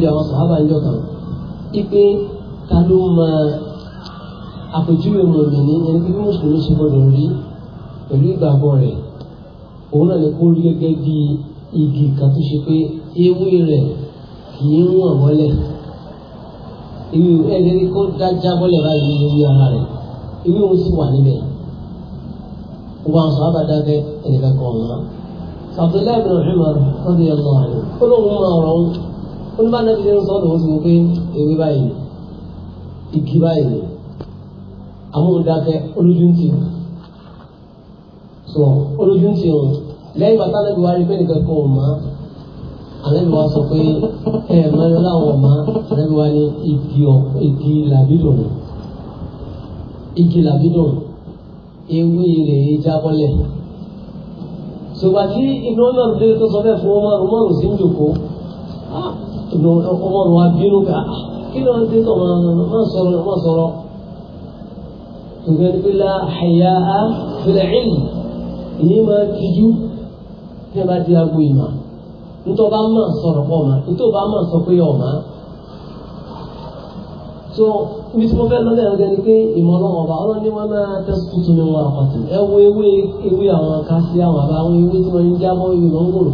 [SPEAKER 1] ló àwọn sàhábà ń jọ kan ipe ta ló mọ àpèjúwe mọ̀mìnì ẹni pé mùsùlùmí ṣe gbọdọ̀ rí pẹ̀lú ìgbàgbọ́ rẹ̀ òun náà ni kó rí gẹ́gẹ́ bí igi kan tó ṣe pé ewé rẹ̀ kì í wọ̀n wọlé ewé ẹni kó dájá bọ́lẹ̀ báyìí ní orí ara rẹ̀ ewé òun sì wà níbẹ̀ gbogbo àwọn sọ̀rọ̀ àbádágẹ́ ẹnìkan kan ọ̀nà Abdullahi bin Umar radiyallahu anhu ó lóun máa rọ̀ onímọ̀ náà fi ń sọ lòun sì wọ́n pé ewé báyìí igi báyìí àwọn òǹdàkẹ́ olójú ń tì sọ olójú ń tì hàn lẹ́yìn bàtà náà wá rí pé nìkan kan ò mọ́ àlẹ́bí wa sọ pé ẹ mẹ́rin láwọn ọ̀mọ́ àlẹ́bí wa ní igi igi làbídùn igi làbídùn ewé rẹ̀ jábọ́lẹ̀ ṣùgbọ́n tí iná náà dé tó sọ fẹ́ fún ọmọ ọmọ òsínjòkó Umar wa bínú ká ah, ah, kí ló ń dé tó máa sọ̀rọ̀ máa sọ̀rọ̀ tùgbẹ́ ní bílá àyà á fìlẹ̀ ìlú ìyẹn máa tijú ní bá di agbo ìmọ̀ nítorí bá máa sọ̀rọ̀ pọ̀ mà nítorí bá máa sọ pé ọ̀mà so ibi tí mo fẹ́ lọ́lẹ̀ ọ̀gá ni pé ìmọ̀ ọlọ́wọ́ ọba ọlọ́run ni wọ́n máa tẹ́sí tuntun ní wọn àpàtì ẹ wo ewé ewé àwọn kásí àwọn àbáwọn ewé tí wọ́n ń jábọ́ ìlú lọ́ngòrò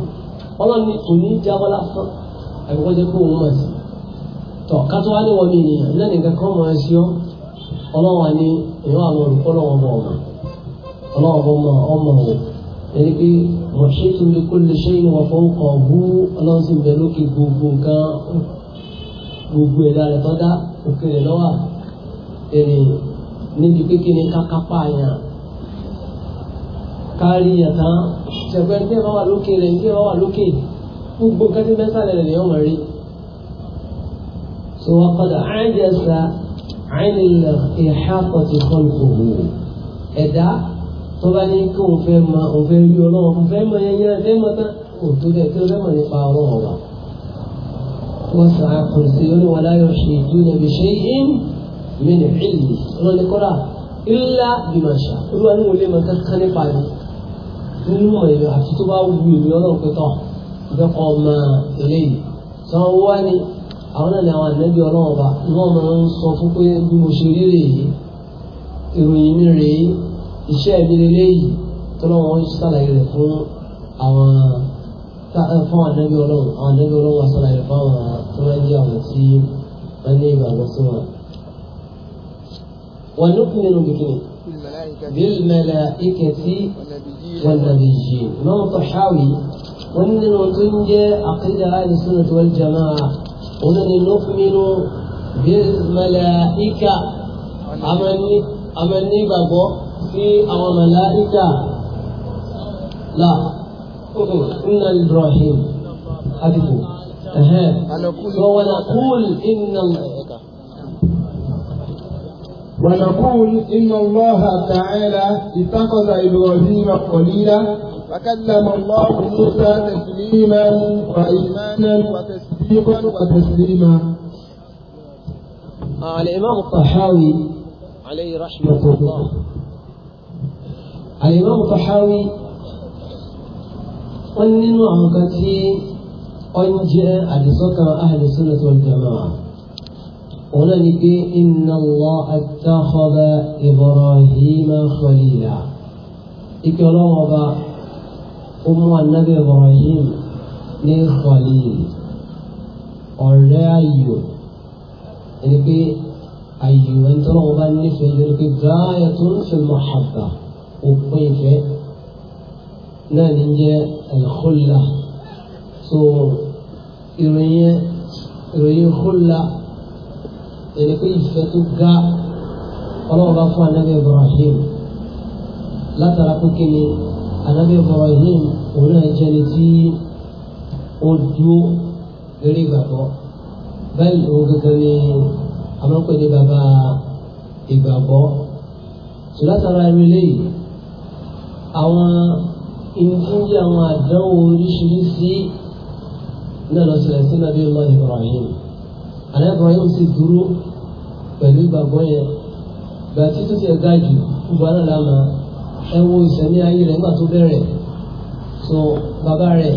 [SPEAKER 1] ọlọ́run kò ní jábọ́ lásán àbíkọ́ jẹ́ kó òun mọ̀ sí tọ̀ kátó wá ní wọlé ènìyàn lẹ́nu kankan máa ṣe ọ́ ọlọ́wà ni èèyàn àwọn olùkọ́ lọ́wọ́ ọmọ ọmọ ọlọ́wọ́ ọmọ ọmọ rẹ̀ ẹni pé wọ́n ṣe tó lè kó lè ṣe ìwọ̀n fún kan bú ọlọ́run sì bẹ lókè gbogbo nǹkan gbogbo ẹ̀dá rẹ̀ tọ́dá òkèèrè lọ́wà èrè níbi kékeré kákápá yàn kárí yàn tán ṣẹ̀gbẹ́ ní ẹ̀ bá wà lókè rẹ̀ ní ẹ̀ bá wà lókè gbogbo nǹkan tí mẹ́sàlẹ̀ rẹ̀ lèyàn mọ̀rí so wọ́n kọ́dà àìjẹsà àìnílẹ̀ ìhàkọ̀tì kọ́lùkù ẹ̀dá tó bá ní kí òun fẹ́ mọ òun fẹ́ rí ọlọ́run òun fẹ́ mọ yẹn yẹn fẹ́ mọ tán kò tó dẹ̀ tí fẹ́ mọ nípa ọlọ́run wa wọ́n sàn án kò sí oníwàlá ṣe ìdúnà bí ṣe ń mìíràn ìlú ọlọ́ni ilá ìmọ̀ṣà olúwa ní wọlé mọ̀ kankan nípa rẹ̀ nínú ìlú àti tó bá wù ìlú ọlọ́run pẹ̀tọ́ fẹ́ kọ́ ọmọ eléyìí tí wọ́n wá ní àwọn náà ní àwọn ànábì ọlọ́wọ́n bá wọ́n máa ń sọ fún pé bí mo ṣe rí rèé ìròyìn mi rèé iṣẹ́ mi lélẹ́yìí tọ́lọ́wọ́n ṣàlàyé rẹ̀ fún àwọn fún àwọn ànábì ọlọ́wọ́n àwọn ànábì ọlọ́wọ́n ṣàlàyé rẹ̀ fún àwọn tó àwọn tí wọ́n ní ìgbàgbọ́ sí wọn. wọ́n ní nínú kékeré bíl mẹ́lẹ̀ ikẹ̀ sí wọ́n nàbìyí lọ́wọ́ ونن وتنجى عقيدة أهل السنة والجماعة ونن نؤمن بالملائكة أمني أمني بابو في أو ملائكة لا إن إبراهيم حبيبه أها ونقول إن ونقول
[SPEAKER 2] إن الله تعالى اتخذ إبراهيم خليلا فكلم الله موسى تكليما وايمانا وتصديقا وتسليما
[SPEAKER 1] على آه، الامام الطحاوي عليه
[SPEAKER 2] رحمه الله
[SPEAKER 1] على الامام الطحاوي قلنا وقد في قنج على سكر اهل السنه والجماعه ولنك إن الله اتخذ إبراهيم خليلا إكرام ó mú anábì Ibrahim ní khalil ọ̀rẹ́ ayò ẹni pé ayò ẹni tó lọ́wọ́ bá nífẹ̀ẹ́ lórí pé gáyà tó ń fi mahabba òpin ìfẹ́ náà ní jẹ́ al-khulla ìròyìn ìròyìn ẹni pé ìfẹ́ tó ga ọlọ́wọ́ bá fún anábì Ibrahim látara pé kí ni anabi ibrahim òun náà jẹ́ ẹni tí ó dúró lórí ìgbàgbọ́ bẹ́ẹ̀ òun gangan ni amọ́pẹ́ ní bàbá ìgbàgbọ́ tó látara irú eléyìí àwọn ìfúnjẹ àwọn àdánwò oríṣiríṣi náà lọ sílẹ̀ sí nàbí ọlọ́ ibrahim àná ibrahim sì dúró pẹ̀lú ìgbàgbọ́ yẹn gbàtí tó ti ẹ̀ ga jù gbogbo aláàlámà ẹ wo ìfẹ̀mí ayé rẹ̀ nígbà tó bẹ̀rẹ̀ so bàbá rẹ̀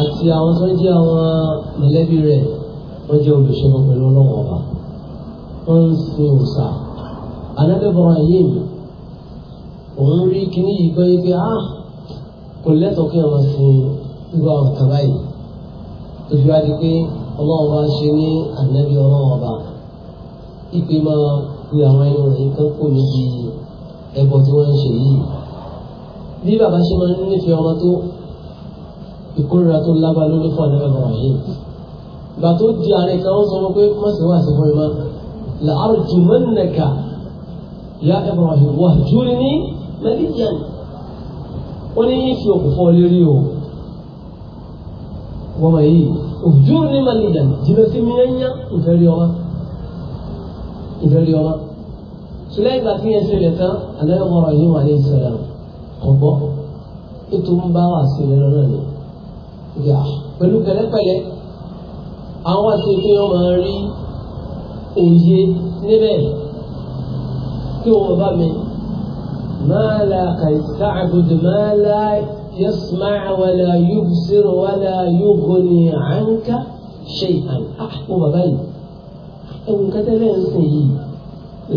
[SPEAKER 1] àti àwọn tó ń jẹ́ àwọn mọ̀lẹ́bí rẹ̀ wọ́n jẹ́ olùṣèlú pẹ̀lú ọlọ́wọ́n ọba wọ́n ń fi òòsà anábẹ́bọ̀rọ̀ ayé mi òun rí kíní yìí gbọ́ yìí pé á ah, kò lẹ́tọ̀ọ́ kí wọ́n sin gbogbo àwọn kàbá yìí tóbi wá di pé ọlọ́wọ́n ṣe ní ànábì ọlọ́wọ́n ọba ìpè máa pe àwọn ẹni wọ̀nyí kan kò níbi ẹbọ tí wọ́n ń ṣe yìí bí bàbá ṣe máa ń nífẹ̀ẹ́ ọmọ tó ìkórira tó lágbá ló ní fún àdúgbò ọmọ yìí gbà tó di àárẹ̀ kan ó sọ wọn pé má sì sí fún mi má la arjumannaka ya Ibrahim wahjurni maliyan ó ní yín fi òkú fọ́ lérí o wọ́n mọ̀ yìí wahjurni maliyan jìbẹ́ sí mi yẹn yá ìfẹ́ rí ọmọ ìfẹ́ rí ọmọ sùlẹ́ ìgbà tí yẹn ṣe lẹ̀ tán alẹ́ ọmọ Ibrahim alayhi salam ọgbọ́ ètò ń bá wà sí lẹ́nu náà ni ìyá pẹ̀lú pẹ̀lẹ́pẹ̀lẹ́ àwọn àti pé wọ́n máa rí òye níbẹ̀ kí wọ́n bá mi máa la kàìsà àbùdù máa la yasma wàlà yubsir wàlà yughni anka shay'an àpò bàbá yìí ẹ̀wù kẹtẹ́lẹ́ ń sìn yìí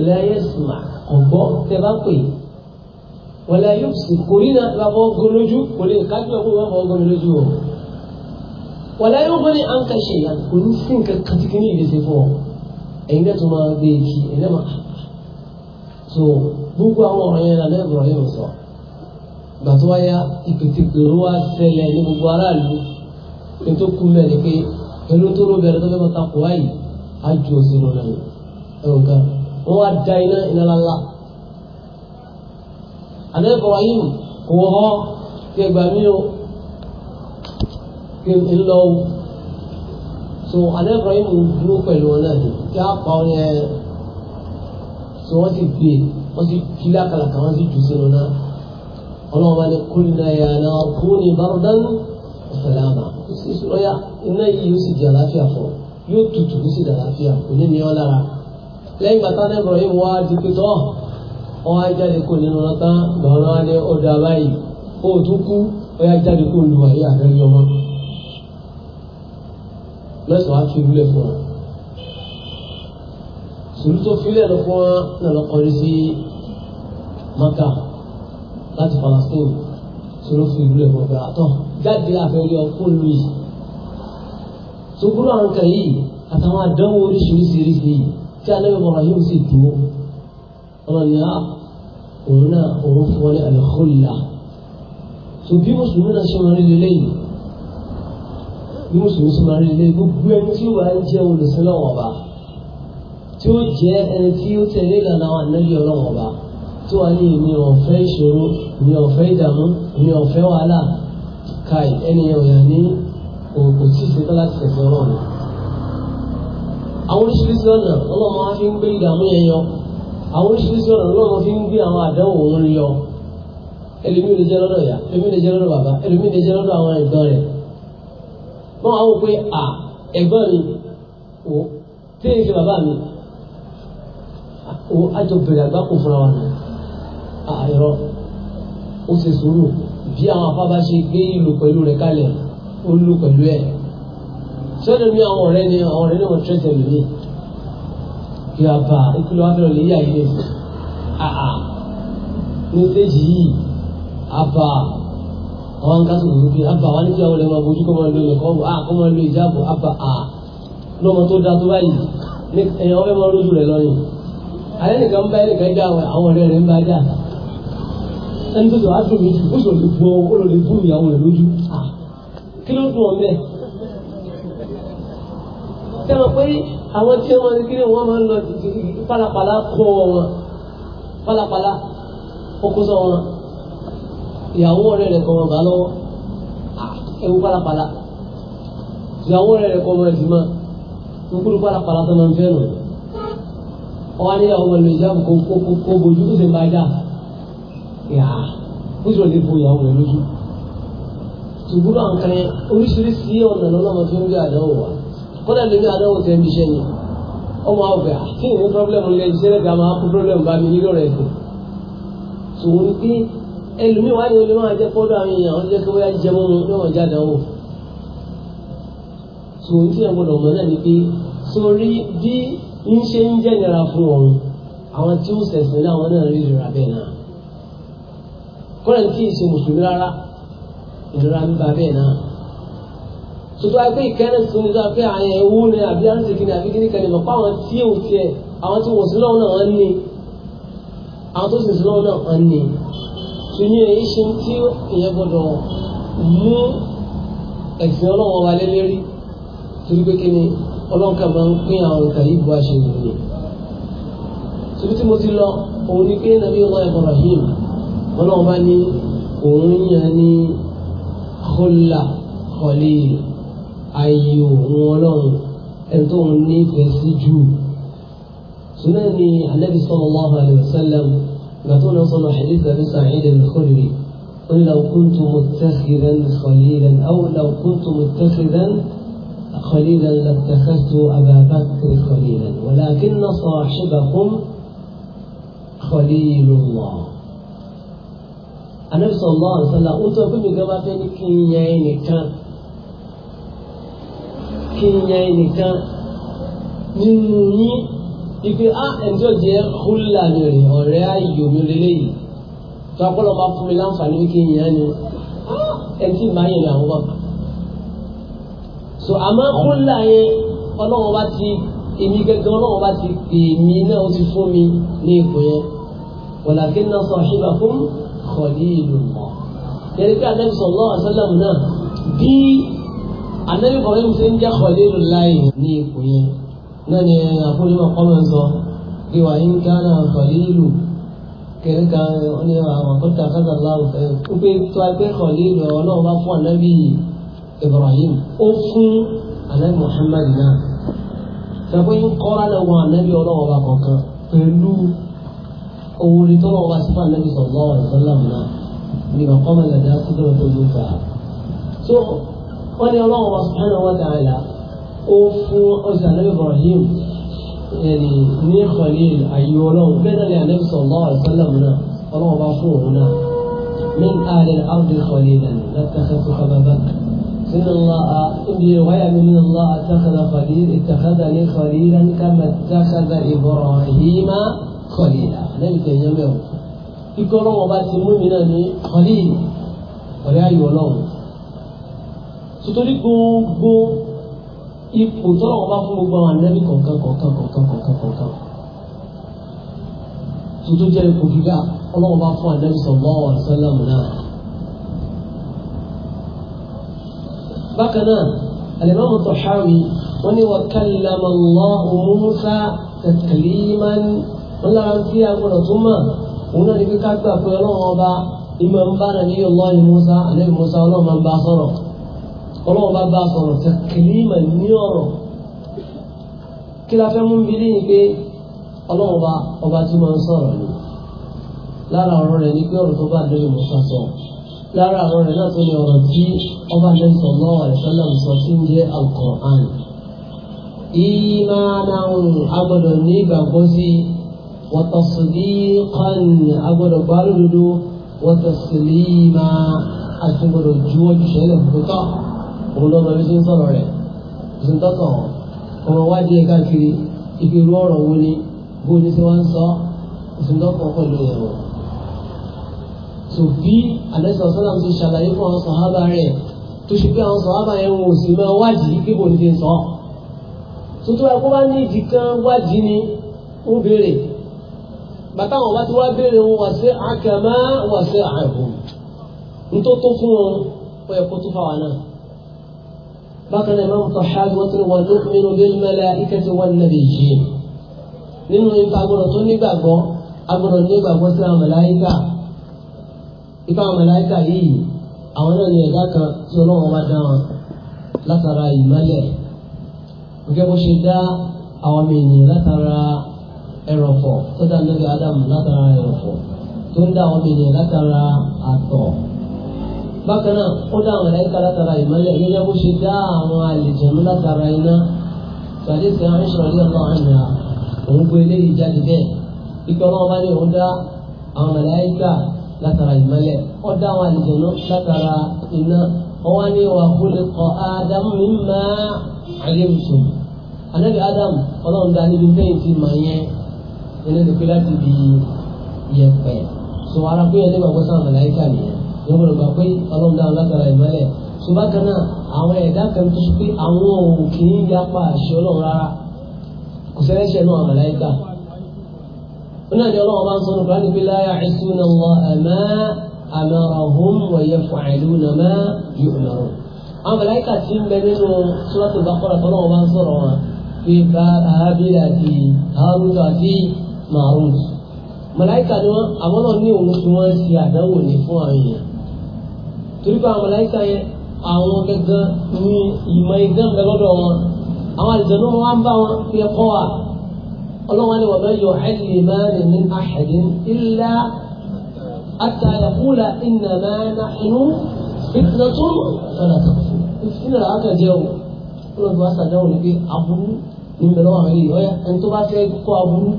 [SPEAKER 1] la yasma ọ̀gbọ́ tẹ bá pè é. Wala yóò sì kò ní náà bá fọ́ gbọ́n lójú kò lè kájú ẹ̀kọ́ bá fọ́ gbọ́n lójú o wọlé yóò gbọ́n ní àǹkà ṣe yà kò ní sí nǹkan kàtíkì ní ìdíje fún ọ ẹ̀yin náà tó máa gbé èkì e ẹ̀dẹ́ máa so gbogbo àwọn na yẹn lànà ẹ̀bùrọ̀ yẹn sọ gbà tó wáyá ìpètèpèrò wá ṣẹlẹ̀ ní gbogbo aráàlú ní tó kú mẹ́rin pé pẹ̀lú tó ló bẹ̀rẹ̀ tó fẹ́ máa takò wáyìí á ju òsínú náà ẹ̀wọ̀n kan wọ́n wá da iná iná lálá àná Ibrahim kò họ kí ẹgbàá mi o kí n lọ o so àná Ibrahim dúró pẹ̀lú wọn náà kí á pa ọ yẹn so wọ́n sì gbé wọ́n sì kí lákàlàkà wọ́n sì jù sínú náà ọlọ́run bá ní kúlìnà yà náà kú ní bárúdán ìsàlámà ìsúlọ́yà iná yìí yóò sì di àlàáfíà fún yóò tutù yóò sì àlàáfíà kò ní ní ọ lára lẹ́yìn bàtà náà Ibrahim wá di pé wọ́n á jáde kó nínú wọn tán lọ́rọ́ wọn ní ọ̀dọ̀ àbáyé kó o tún kú ó yá jáde kó lu àyè àdáyé ọmọ lọ́sàn-án á fi rúlẹ̀ fún wọn. sùúrù tó filẹ̀ lọ fún wọn náà lọ kọrí sí maka láti Palestine sùúrù fi rúlẹ̀ fún ọgbà àtọ̀ jáde àfẹ́rí ọkùn lu yìí. sùkúrú àwọn kan yìí àtàwọn àdánwò oríṣiríṣi yìí tí alẹ́ ìwọ̀n yóò sì dùn ó. So ọlọ́ni á ah, òun náà òun fún ọ al-khulla tó bí mùsùlùmí náà ṣe máa rí lélẹ́yìn bí mùsùlùmí ṣe máa rí lélẹ́yìn gbogbo ẹni tí wàá jẹ́ olùsọ́lọ́wọ́ ọba tí ó jẹ́ ẹni tí ó tẹ̀lé ìlànà àwọn ànábì ọlọ́wọ́ ọba tó wà ní ìní ọ̀fẹ́ ìṣòro ìní ọ̀fẹ́ ìdààmú ìní ọ̀fẹ́ wàhálà káì ẹni ọ̀yà ní òkò tí ìṣẹ́tọ́ láti tẹ̀sán ọlọ́run àwọn oríṣiríṣi ọ̀nà ọlọ́run á fi ń gbé ìdààmú yẹn yọ àwọn oríṣiríṣi ọ̀nà lọ́wọ́ fi ń gbé àwọn àdánwò wọn yọ ẹlòmíì lè jẹ́ lọ́dọ̀ ìyá ẹlòmíì lè jẹ́ lọ́dọ̀ bàbá ẹlòmíì lè jẹ́ lọ́dọ̀ àwọn ẹ̀gbọ́n rẹ̀ wọ́n á wò pé à ẹ̀gbọ́n mi wò téè ṣe bàbá mi wò á jọ bẹ̀rẹ̀ àgbákò fúnra wa nù àìrọ ó ṣe sùúrù bí àwọn afábá ṣe gbé ìlú pẹ̀lú rẹ̀ kalẹ̀ ó lù pẹ̀lú ẹ̀ ṣẹ́ni mi àwọn ọ̀rẹ́ ni àwọn ọ̀rẹ́ ni wọ́n tẹ̀sẹ̀ lónìí ìyá bá ìkìlọ̀ wá fẹ́ràn lè yà ilé àà ní stéèjì yìí àbà àwọn ń kásìkò lókè àbà wà ní kí àwọn ọlẹ́mọ abojú kọ́ máa lo ẹ̀kọ́ à kọ́ máa lo ìjáàbọ̀ àbà à lọ́mọ tó da tó báyìí ní ẹ̀yàn ọ̀fẹ́ mọ́ lójú rẹ̀ lọ́yìn alẹ́ nìkan bá ẹnìkan já àwọn ọ̀rẹ́ rẹ̀ ń bá já ẹni tó sọ wá dùn mí jù ó sọ lè gbọ́ ó lọ lè bú ìyàwó rẹ̀ lójú kí ló dùn ọ́ mẹ́ẹ̀ àwọn tí wọ́n ti kiri wọ́n máa ń lọ títí pálapàla kọ́ wọn pálapàla okun sọ wọn ìyàwó ọ̀rẹ́ rẹ̀ kọ́ wọn bá lọ́wọ́ ewu pálapàla ìyàwó ọ̀rẹ́ rẹ̀ kọ́ wọn ẹ̀sìn máa nkúrú pálapàla tó máa ń fẹ́ nù ọwọ́ ní ìyàwó ọmọlúwẹ̀ ìjà kó kó kó bojú kó sì máa dà yà kó sì lè bo ìyàwó rẹ̀ lójú ṣùgbọ́n àwọn oríṣiríṣi ọ̀nà lọ́nà ọmọ tó ń gbé àdáwò wa kódà lómi àdáwò tẹ̀ ń bíṣẹ́ ni ọmọ ọgbà ah, tí ìní pírọ́blẹ́mù lẹ iṣẹ́ lẹ́gàá máa kó pírọ́blẹ́mù bá mi nílò rẹ̀ sí. sòun ní pé ẹlòmíì wáyé olè máa jẹ́ fọ́dọ̀ àwọn èèyàn ọ̀hún jẹ́ kí wọ́n yá jẹ́ mọ́ wọn náà jáde wò. sòun tí yẹn gbọdọ̀ mọ̀ náà ni pé sórí bí ń ṣe ń jẹ́ nira fún ọ̀hún àwọn tí ó sẹ̀sìn náà wọn náà rí ìrora bẹ́ẹ̀ náà. kọ́lẹ̀ tí ì tuntun wa pé ìkẹ́ni tuntun tó a pé àyẹ̀ owó ni àbí àrùsìkì ni àbí kíní kan ní mọ̀ pé àwọn tí ò tiẹ̀ àwọn tí wò sí lọ́wọ́ náà wọ́n ní àwọn tó sì sí lọ́wọ́ náà wọ́n ní tuni èyí ṣe tí ìyẹn gbọ́dọ̀ wa lé lérí torí pé kíni ọlọ́run kan máa ń pín àwọn ìtàn yìí bó a ṣe wù ní. mo ti lọ òun ni pé nàbí ọmọ Ibrahim ọlọ́run bá ní òun yàn ní kọlà kọlíìlì. ayé òun ọlọ́run ẹni tó ń nífẹ̀ẹ́ sí jù. sùnà ni anabi sallallahu alayhi wa sallam gbàtó náà sọ̀nà hadith abi sa'id al-khudri ó ní law kuntu muttakhidan khalilan aw law kuntu muttakhidan khalilan lattakhadhtu aba bakr khalilan walakinna sahibakum khalilullah. anabi sallallahu alayhi wa sallam ó tọ́ pé mi gbẹ́ bá fẹ́ ní kí n yẹ ẹnìkan. kí n yan ẹnìkan nínú yín ipe a ẹnjọ́ jẹ́ húlà mi rè ọ̀rẹ́ ayò mi lélẹ́yìí tó akọ́lọ́ máa fún mi láǹfààní kí n yan ni ah, ẹtí máa yẹn làwọn wà. so àmọ́ húlà yẹn ọlọ́run bá ti èmi gẹ́gẹ́ ọlọ́run bá ti èmi náà ó ti fún mi ní ipò yẹn wọ̀làkí náà sọ àṣìbà fún kọ̀ọ̀lì ìlú. yẹ́nì pé àdébísọ̀ lọ́wọ́ àṣálàmù náà bí anabi ibrahim ṣe ń jẹ́ Khalilullahi ní ipò yẹn náà ni àfọlẹ́mọ̀ kọ́mọ̀ sọ pé wà ń kánà Khalilu kẹrẹ kan ní àwọn akọ́ta kátà láwù fẹ́ ó pé tó a pé Khalilu ọlọ́run bá fún anabi ibrahim o fún anabi muhammad náà sọ̀rọ̀ ń kọ́ra lọ́wọ́ anabi ọlọ́run ọba kọ̀ọ̀kan pẹ̀lú orin tó wọ́n wá sí fún anabi sallallahu alaihi wasallam náà ní ìgbà da lẹ́dá kúndùn tó ló fà á wọ́n ní ọlọ́run wa subhanahu wa ta'ala ó fún ọ̀sẹ̀ ànábì Ibrahim ẹni ní khalil ayé ọlọ́run bẹ́ẹ̀ náà ni ànábì sallallahu alaihi wasallam náà ọlọ́run bá fún òun náà min ahli al-ardi khalilan látàkàtù kábàbà من الله في رواية من الله اتخذ خليل اتخذني خليلا كما اتخذ إبراهيم خليلا لذلك يجمعه يقولون وبات المؤمن خليل ولا يولون sotori gbogbo ipò tọ́lọ̀ wọn bá fún gbogbo àwọn ànábì kọ̀ọ̀kan kọ̀ọ̀kan kọ̀ọ̀kan kọ̀ọ̀kan kọ̀ọ̀kan tuntun jẹ́ ipò gíga ọlọ́wọ́n bá fún ànábì sallallahu alaihi wasallam náà. bákan náà al-Imam Tahawi wọ́n ní wa kallama Allahu Musa takliman wọ́n lára tí a gbọ́dọ̀ mọ̀ òun náà ní kíkà gbà pé ọlọ́wọ́n ọba ìmọ̀ ń bá nàbí ọlọ́ọ̀ ọlọ́run bá bá sọ̀rọ̀ tẹ̀kìlímà ní ọ̀rọ̀ kí la fẹ́ mú bí ní pé ọlọ́run bá ọba tí wọ́n ń sọ̀rọ̀ ni lára ọ̀rọ̀ rẹ̀ ní pé ọ̀rọ̀ tó bá lóye mọ̀ sá sọ lára ọ̀rọ̀ rẹ̀ náà tó ní ọ̀rọ̀ tí ọba lẹ́yìn sọ lọ́wọ́ àìsọ́lá sọ tí ń jẹ́ Al-Qur'an ìyí máa dáhùn agbọ́dọ̀ ní ìgbàgbọ́ sí wọ́tọ̀sílíkan agbọ́dọ̀ gbárùdúdú wọ́tọ̀sílíma òun náà máa bí ṣe ń sọ̀rọ̀ rẹ̀ kò sí ń tọ́kàn ọmọ wádìí ẹ̀ káàkiri ibi irú ọ̀rọ̀ wo ni bó ní tí wọ́n ń sọ kò sí ń tọ́kàn pẹ̀lú ẹ̀rọ. tó bí alẹ́sọ̀ sọ́lá ti ṣàlàyé fún àwọn sọ̀hábà rẹ̀ tó ṣe pé àwọn sọ̀hábà yẹn wọn ò sì máa wádìí pé bó ní bákan náà máa ń sọ ṣáájú wọn tún wọn nu'minu bil malaikati wan nabiyyin nínú ipa agbọ̀dọ̀ tó nígbàgbọ́ agbọ̀dọ̀ nígbàgbọ́ sí àwọn màláíkà ipa àwọn màláíkà yìí àwọn náà ní ẹ̀dá kan tí ọlọ́wọ́n bá dá wọn látara ìmọ́lẹ̀ gẹ́gẹ́ bó ṣe dá àwọn ọmọ ènìyàn látara ẹrọ̀fọ̀ tó dá nílẹ̀ Ádámù látara ẹrọ̀fọ̀ tó ń dá àwọn ọmọ bákan náà ó dá àwọn ẹ̀ka látara ìmọ́lẹ̀ yẹ́yẹ́ bó ṣe dá àwọn àlejànú látara iná tàbí sí àwọn ìṣòro yẹn náà àná òun gbé eléyìí jáde bẹ́ẹ̀ ikọ̀ náà bá ní òun dá àwọn ẹ̀ka látara ìmọ́lẹ̀ ó dá àwọn àlejànú látara iná ọwọ́ ní wà khuliqa ádámù mimma alimtum anabi ádámù ọlọ́run dá níbi bẹ́ẹ̀ ìyẹn gbọ́dọ̀ gbà pé ọlọ́run dáhùn látara ìmọ́lẹ̀ tó bá kan náà àwọn ẹ̀dá kan tó ṣe pé àwọn òun kì í yapa àṣẹ ọlọ́run rárá kò sẹ́rẹ́ ṣe náà màláíkà náà ni ọlọ́run bá ń sọ nípa níbi láyà ìṣúná wọn àmọ́ àmọ́ ọ̀hún wọ̀nyẹ fàìlú nàmá yóò nàró. àwọn màláíkà ti ń bẹ nínú sọ́lọ́tò bàkọ́rọ̀ tó ọlọ́run bá ń sọ̀rọ̀ wọn fi bá arábìlì àti harun àti màrún. màláíkà ni wọn àwọn náà ní òun tí wọ́n ṣe àdánwò ní fún àwọn èèyàn torí pé àwọn màláíkà yẹn àwọn gangan ní ìmọ̀ igán bẹ lọ́dọ̀ wọn àwọn àlùjànnú wọn wá ń bá wọn fi ẹ̀kọ́ wa ọlọ́wọ́n ni wọ́n bẹ yọ ẹ̀lì máa lè ní àhẹ̀dín ilá àtàyàkúlà ìnàmá nàánú ìtìlẹ̀tún ọ̀nà tó ìfúnni làwọn kan jẹ́ o wọ́n fi wá sàdáwò ní pé aburú ní bẹ àwọn ènìyàn ọ̀yà ẹni tó bá fẹ́ kó aburú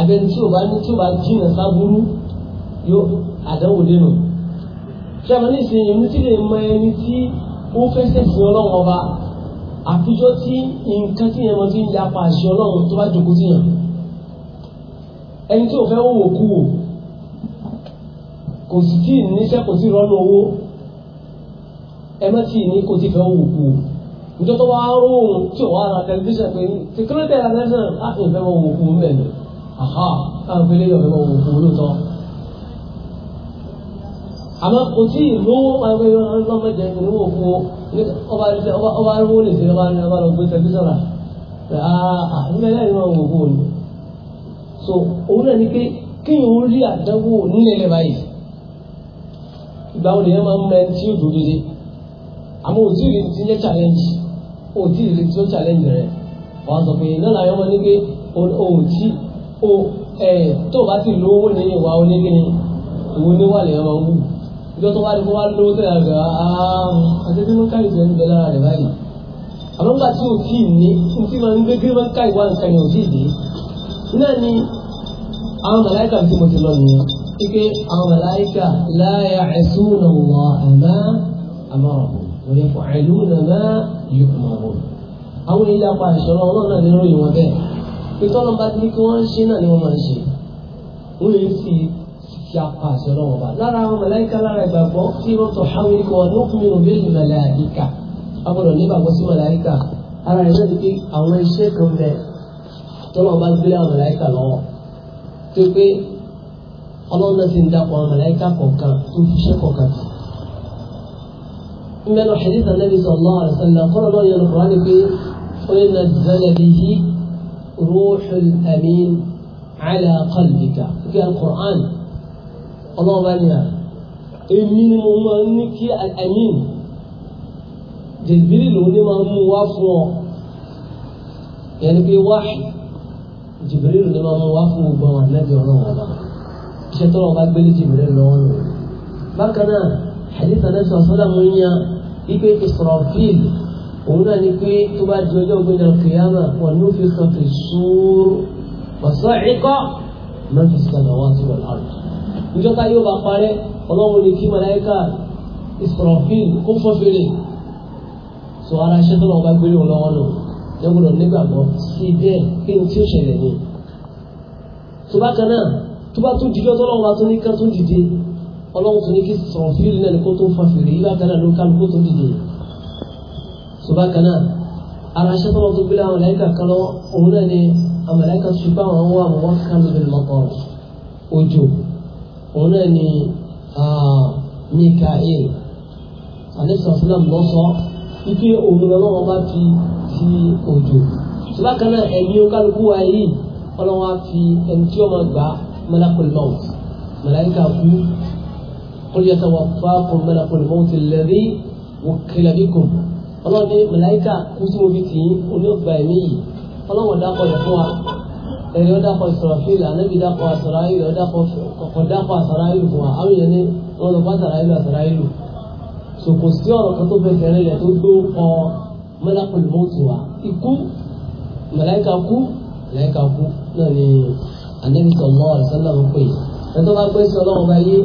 [SPEAKER 1] àbẹ́ni tí ò bá ní tí ò bá jìnnà sáburú yóò àdáwò lẹ́nu ṣé àwọn oníṣẹ́yìn ní tí lè mọ ẹni tí ó fẹ́ sẹ̀sìn ọlọ́run ọba àfijọ́ tí nǹkan tí ẹmọ ti ń yapa àṣẹ ọlọ́run tó bá jòkó sí yàn ẹni tí ò fẹ́ wò kú wò kò sì tí níṣẹ́ kò sí rọ́nù owó ẹmọ tí ní kò ti fẹ́ wò kú wò níjọ́ tó wá rún tí ò wá ra tẹlifíṣàn pé kékeré tẹlifíṣàn láti ìfẹ́ wò kú mẹ́rin àhá káwọn pélé yọ̀ fẹ́ wò kú lóòótọ́ àmọ́ kò tí ì lówó pàápàá lọ́mọdé ní wò fún ọba ọba arúgbó lè ṣe ọba ní ọba lọ gbé tẹlifíṣọ̀nà nílẹ̀ lẹ́yìn náà wò fún òní. so òun náà ni pé kéèyàn ó rí àdánwò nílẹ̀ báyìí ìgbà wo lèyàn máa ń mẹ tí yóò dúró dédé àmọ́ òtí rí ti jẹ́ challenge òtí rí ti ó challenge rẹ̀ wàá sọ pé náà làwọn ọmọ ní pé òtí tó o bá ti lówó ní ìwà onígbìn ìwọ oníwà lèyàn máa ń wù ìjọ tó wá ní kó wá lówó tẹ̀lé àgbà àti ah, bí wọ́n ká ìjọ ń bẹ lára rẹ̀ báyìí. àmọ́ nígbà tí òkì ní tí máa ń gbé gírí máa ń ká ìwà nǹkan yẹn òsì dé náà ni àwọn màláìkà tí mo ti lọ nìyẹn wípé àwọn màláìkà láyà ẹ̀sùn lọ́wọ́ àmọ́ àmọ́ òye fún ẹ̀lú nàmá yìí kùmọ̀ wò. àwọn ilé apá ìṣòro ọlọ́run náà nínú ìwọ̀n bẹ́ẹ̀ pé tọ́lọ́ ṣe àpàṣẹ ọlọ́wọ́ bá lára àwọn màláíkà lára ìgbàgbọ́ tí wọ́n tọ̀ hàwé kọ́ ní òkúnmínú bí èyí màláíkà agbọ́dọ̀ nígbàgbọ́ sí màláíkà ara rẹ̀ náà ni pé àwọn iṣẹ́ kan bẹ̀ tọ́lọ́ bá gbélé àwọn màláíkà lọ́wọ́ tó pé ọlọ́run náà ti ń dapò àwọn màláíkà kọ̀ọ̀kan tó fi iṣẹ́ kọ̀ọ̀kan sí. من حديث النبي صلى الله عليه وسلم قال الله يا القرآن في وينزل به روح الأمين على قلبك في القرآن ọlọ́run bá ní à èmi ni mo máa ń ní kí àìmín jìbìrì lòun ní máa ń mú wá fún ọ yẹn ni pé wáhì jìbìrì lòun ní máa ń mú wá fún gbogbo àwọn ànábì ọlọ́run ọba iṣẹ́ tọ́lọ́ bá gbélé jìbìrì lọ́wọ́ nù. bákan náà hadith anẹ́sọ̀ sọ́dà mo ń yan ipe Israfil òun náà ni pé tó bá di ọjọ́ ògbẹ́ni alkiyama wọn ní ó fi kan fi sùúrù ọ̀sán ìkọ́ mẹ́fì sàmà wá sí ọ̀làrùn ìjọba yóò bá parẹ́ ọlọ́run lè kí màláíkà ìsọ̀rọ̀fín kó fọ́ fèrè sọ ara iṣẹ́ tó lọ́wọ́ bá gbélé wọn lọ́wọ́ lò lẹ́gbọ̀dọ̀ nígbàgbọ́ sí bẹ́ẹ̀ kí ni tí ó ṣẹlẹ̀ ni. tó bá kan náà tó bá tún dìde ọlọ́run bá tún ní ká tún dìde ọlọ́run tún ní kí sọ̀rọ̀fín náà ni kó tó fọ́ fèrè yìí bákan náà ló ká ló tó dìde. tó bá kan náà ara iṣẹ́ tó tó gbélé àwọn màláíkà kan lọ́wọ́ òun náà ni àwọn màláíkà ṣùgbọ́n àwọn wà mọ́ òun ni Mikael alẹ́sàsílám lọ sọ ike òun lọ́wọ́ bá fi
[SPEAKER 2] ti òjò
[SPEAKER 1] bákan náà ẹ̀mí oníkálukú wa yìí ọlọ́wọ́ á fi ẹni tí ó máa gbà malakul maut màláíkà kú qul yatawaffakum malakul maut alladhi wukkila bikum ọlọ́wọ́ ní màláíkà kú sí mo fi tì í oní ọgbà ẹ̀mí yìí ọlọ́wọ́ dákọ̀ yẹ fún wa ẹni ó dákọ̀ Israfil ànábì dákọ̀ Asrafil ọ̀kọ̀ dákọ̀ Asrafil fún wa àwọn yẹn ní wọn lọ bá Asrafil Asrafil so kò sí ọ̀rọ̀ kan tó fẹ́ fẹ́rẹ́ lẹ̀ tó dó ọ malakul mautu wa ikú màláíkà kú màláíkà kú náà ni ànábì sallallahu alaihi wasallam pè é tó bá pẹ́ sọ lọ́wọ́ bá yé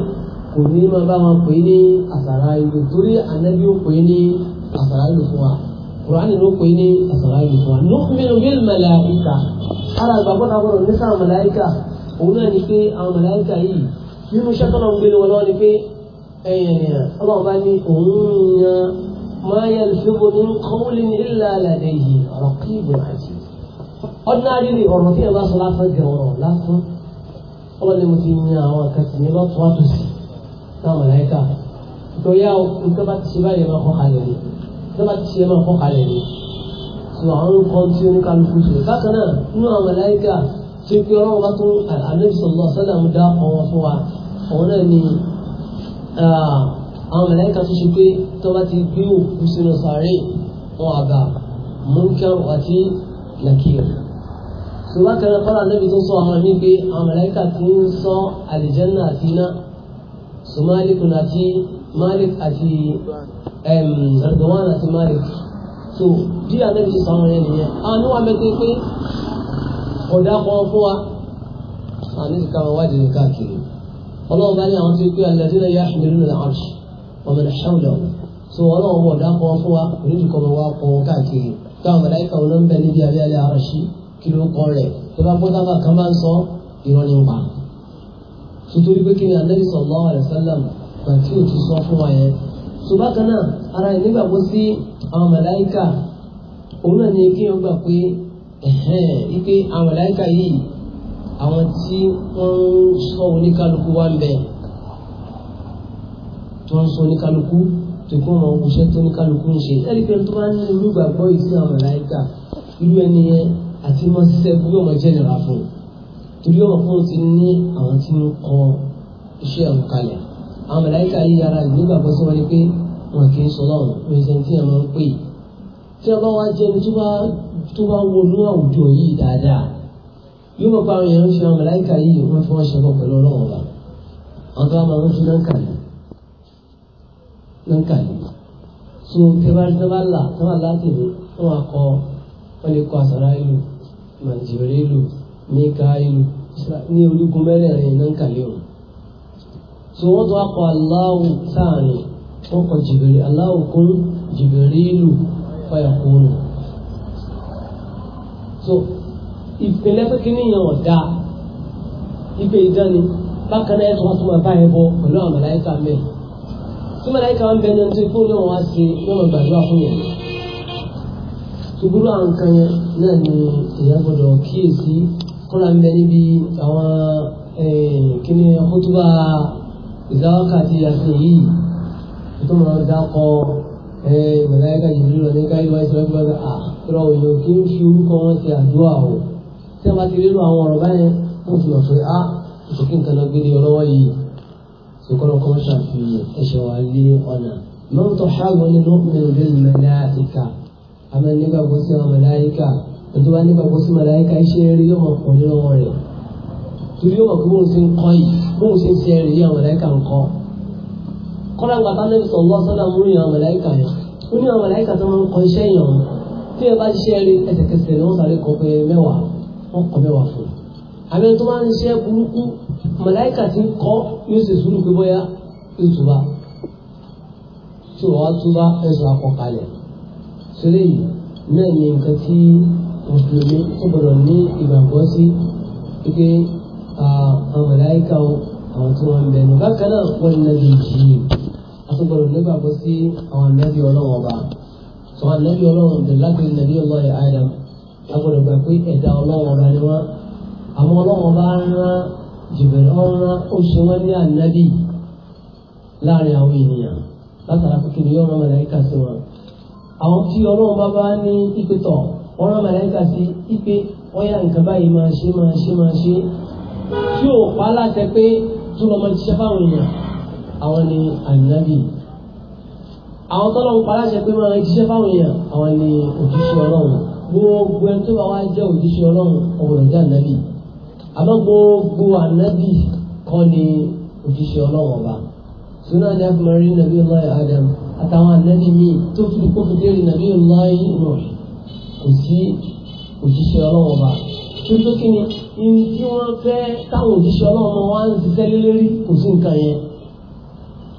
[SPEAKER 1] kò ní máa bá wọn pè é ní Asrafil torí ànábì ó pè é ní Asrafil fún wa Kùránì ló pè é ní Asrafil fún wa nukminu bil malaika ara ìgbàgbọ́ ta gbọ́dọ̀ ní sáà màláíkà òun náà ni pé àwọn màláíkà yìí nínú iṣẹ́ tọ́lọ̀ ń gbélé wọn lọ́wọ́ ni pé ẹ̀yìn ènìyàn ọlọ́run bá ní òun yan máa yẹ lùfẹ́bù ní kọ́wúlì ní ìlà àlàdé yìí ọ̀rọ̀ kí ìbò àjẹ́ ordinary ni ọ̀rọ̀ tí ẹ bá sọ lásán gẹ̀ ọ̀rọ̀ lásán ọlọ́run ni mo ti yan àwọn akẹ́tì ní lọ́tọ̀ àtòsí náà màláíkà ìtọ́yà nǹkan bá ti ṣe báyìí sọ àwọn nǹkan tí oníkálukú ṣe bákan náà nínú àwọn màláíkà tí pé ọlọ́run bá tún ànábì sallallahu alaihi wasallam dá ọ̀wọ́n fún wa ọ̀wọ́n náà ni àwọn màláíkà tó ṣe pé tó bá ti gbé òkú sínú sàárè wọn àgbà Munkar àti Nakir ṣùgbọ́n kan kọ́ra ànábì tó sọ àwọn míì pé àwọn màláíkà ti ń sọ àlìjẹ́nà àti iná sùmáàlìkùn àti Malik àti Ridwan àti Malik so di anabi ṣe sọ̀rọ̀ yẹn nìyẹn àwọn ni wọn mẹtẹ pé ọ̀dà kan fún wa àní ti káwọn wádìí ní káàkiri ọlọ́run bá ní àwọn tó gbé alẹ́dínlẹ̀ yá ìmìlú ní àrùsù ọmọ ní ṣẹ́wọ̀n so ọlọ́run wọ̀ ọ̀dà kan fún wa onídìí kọ́ wa kọ́ wọn káàkiri káwọn mẹláìka wọn ń bẹ níbi abẹ́lẹ́ àrùsù kí ló kọ́ rẹ̀ tó bá gbọ́dá bá kan bá ń sọ ìrọ̀ ní pa sotori pé kí ni anabi sallallahu alaihi wasallam gbà tí o ti sọ fún wa ṣùgbọ́n kan náà ara ẹ̀ nígbàgbọ́ sí àwọn màláìkà òun náà ni kí wọ́n gbà pé wípé àwọn màláìkà yìí àwọn tí wọ́n ń sọ oníkálukú wá ń bẹ tó ń sọ oníkálukú tó kọ́ wọn oṣẹ́ tó oníkálukú ń ṣe ẹ̀rí pé tó bá ní irú ìgbàgbọ́ yìí sí àwọn màláìkà irú ẹni yẹn àti mọ́ sẹ́gun yóò mọ jẹ́ fún un torí ọmọ fún un ti ní àwọn tí ń kọ iṣẹ́ ọ̀hún kalẹ̀ àwọn mẹ̀láìkà yìí ara ìgbégbàgbọ́ sí wọn ni pé wọn kì í sọ lọ́rùn pé ṣe tí wọn máa ń pè tí wọn bá wá jẹ ẹni tó bá wọnú àwùjọ yìí dáadáa yóò mọ̀ pé àwọn èèyàn ń fi àwọn mẹ̀láìkà yìí wọ́n fi wọ́n ṣẹbọ pẹ̀lú ọlọ́run ọba àwọn tó bá máa ń fi náǹkà ní náǹkà ní so tẹ́bá tẹ́bá là tẹ́bá láti mi wọ́n wá kọ́ wọ́n lè kọ́ àṣàrà ìlú màjèrè ìlú mẹ́ka ìlú ní orígun mẹ́rẹ̀ẹ̀rin náǹkà ní òun so wọ́n tún wá kọ jibiri sáàrin kun kọ jìbìrì aláwù kún so ìpínlẹ̀ kini kíní yẹn ọ̀dà ipe ìdáni bákan náà ẹ̀sùn wá tó máa bá ẹ bọ pẹ̀lú àwọn màláíkà mẹ́ẹ̀ tí màláíkà wọn bẹ ẹni tó ikú náà wá sí lọ́nà gbàdúrà fún yẹn ṣùgbọ́n àwọn kan yẹn ni èèyàn gbọ́dọ̀ kíyèsí kọ́lá ń bẹ níbi àwọn kíní ọkọ̀ tó bá a ìdáwọ́kà tí a ṣe yìí tó mọ̀ dákọ̀ mọ̀láyíká yìí lọ ní káyọ̀ ẹ̀ṣọ́ ẹgbẹ́ rẹ̀ àtúrọ̀ èèyàn kí ó fi orúkọ wọn ti àdúrà o tí a bá ti rírun àwọn ọ̀rọ̀ báyẹn wọ́n ti mọ̀ pé a kò kí nǹkan lọ gbé ní ọlọ́wọ́ yìí ṣùgbọ́n kọ́ ṣàfihàn ẹ̀ṣẹ̀ wà lé ọ̀nà lọ́tọ̀ ṣáàgùn nínú ìrìnàjò mọ̀láyíká àmọ́ nígbàgbọ́ sí àwọn mọ̀láyíká torí ó wọ̀ kí bóun ṣe ń kọ́ yìí bóun ṣe ń ṣe ẹ̀rìn yìí àwọn màláíkà ń kọ́ kọ́lá gba bá nẹ́bí sọ̀rọ̀ lọ́sọ́dọ̀ mú ìyàn màláíkà yẹn ó ní àwọn màláíkà tó máa ń kọ́ iṣẹ́ yàn tí ẹ bá ṣiṣẹ́ rí ẹsẹ̀kẹsẹ̀ ni wọ́n sáré kọ́ pé mẹ́wàá wọ́n kọ́ mẹ́wàá fún un àbẹ́ tó máa ń ṣe burúkú màláíkà ti ń kọ́ yóò ṣe sùúrù pé bóyá yóò túbà tí wọ́n wá túbà àwọn màláíkà àwọn tí wọ́n ń bẹnu bákan náà wọ́n ní nàbí yìí àtúgbọ̀rọ̀ nígbàgbọ́ sí àwọn nàbí ọlọ́wọ́n ọba sọ àwọn nàbí ọlọ́wọ́n ọba láti nàbí ọlọ́yẹ Adam agbọ́dọ̀ gbà pé ẹ̀dá ọlọ́wọ́n ọba ni wọ́n àwọn ọlọ́wọ́n ọba rán jìbẹ̀rẹ̀ ọ̀rán ó ṣe wọ́n ní ànábì láàrin àwọn ènìyàn látara kékeré yóò rán màláíkà sí wọn àwọn tí ọlọ́wọ́n bá bá ní ìpè tọ̀ wọ́n rán màláíkà sí ìpè wọ́n yá nǹkan báyìí máa ṣe máa ṣe máa ṣe tí o pa láti pé tó lọ́mọ ṣiṣẹ́ fáwọn èèyàn àwọn ni ànábì àwọn tọ́lọ̀ ń pa láti pé máa ṣiṣẹ́ fáwọn èèyàn àwọn ni òjíṣẹ́ ọlọ́run gbogbo ẹni tó bá wá jẹ́ òjíṣẹ́ ọlọ́run ọ̀rọ̀ jẹ́ ànábì àmọ́ gbogbo ànábì kọ́ ni òjíṣẹ́ ọlọ́run ọba sunu àti akumari nàbí ọláyà adam àtàwọn ànábì míì tó fi kófù dé nàbí ọláyà nù kò sí òjíṣẹ́ ọlọ́run ọba tó tó kí ni ní tí wọ́n fẹ́ táwọn òjíṣẹ́ ọlọ́run wá ń ṣiṣẹ́ lé lérí kò sí nǹkan yẹn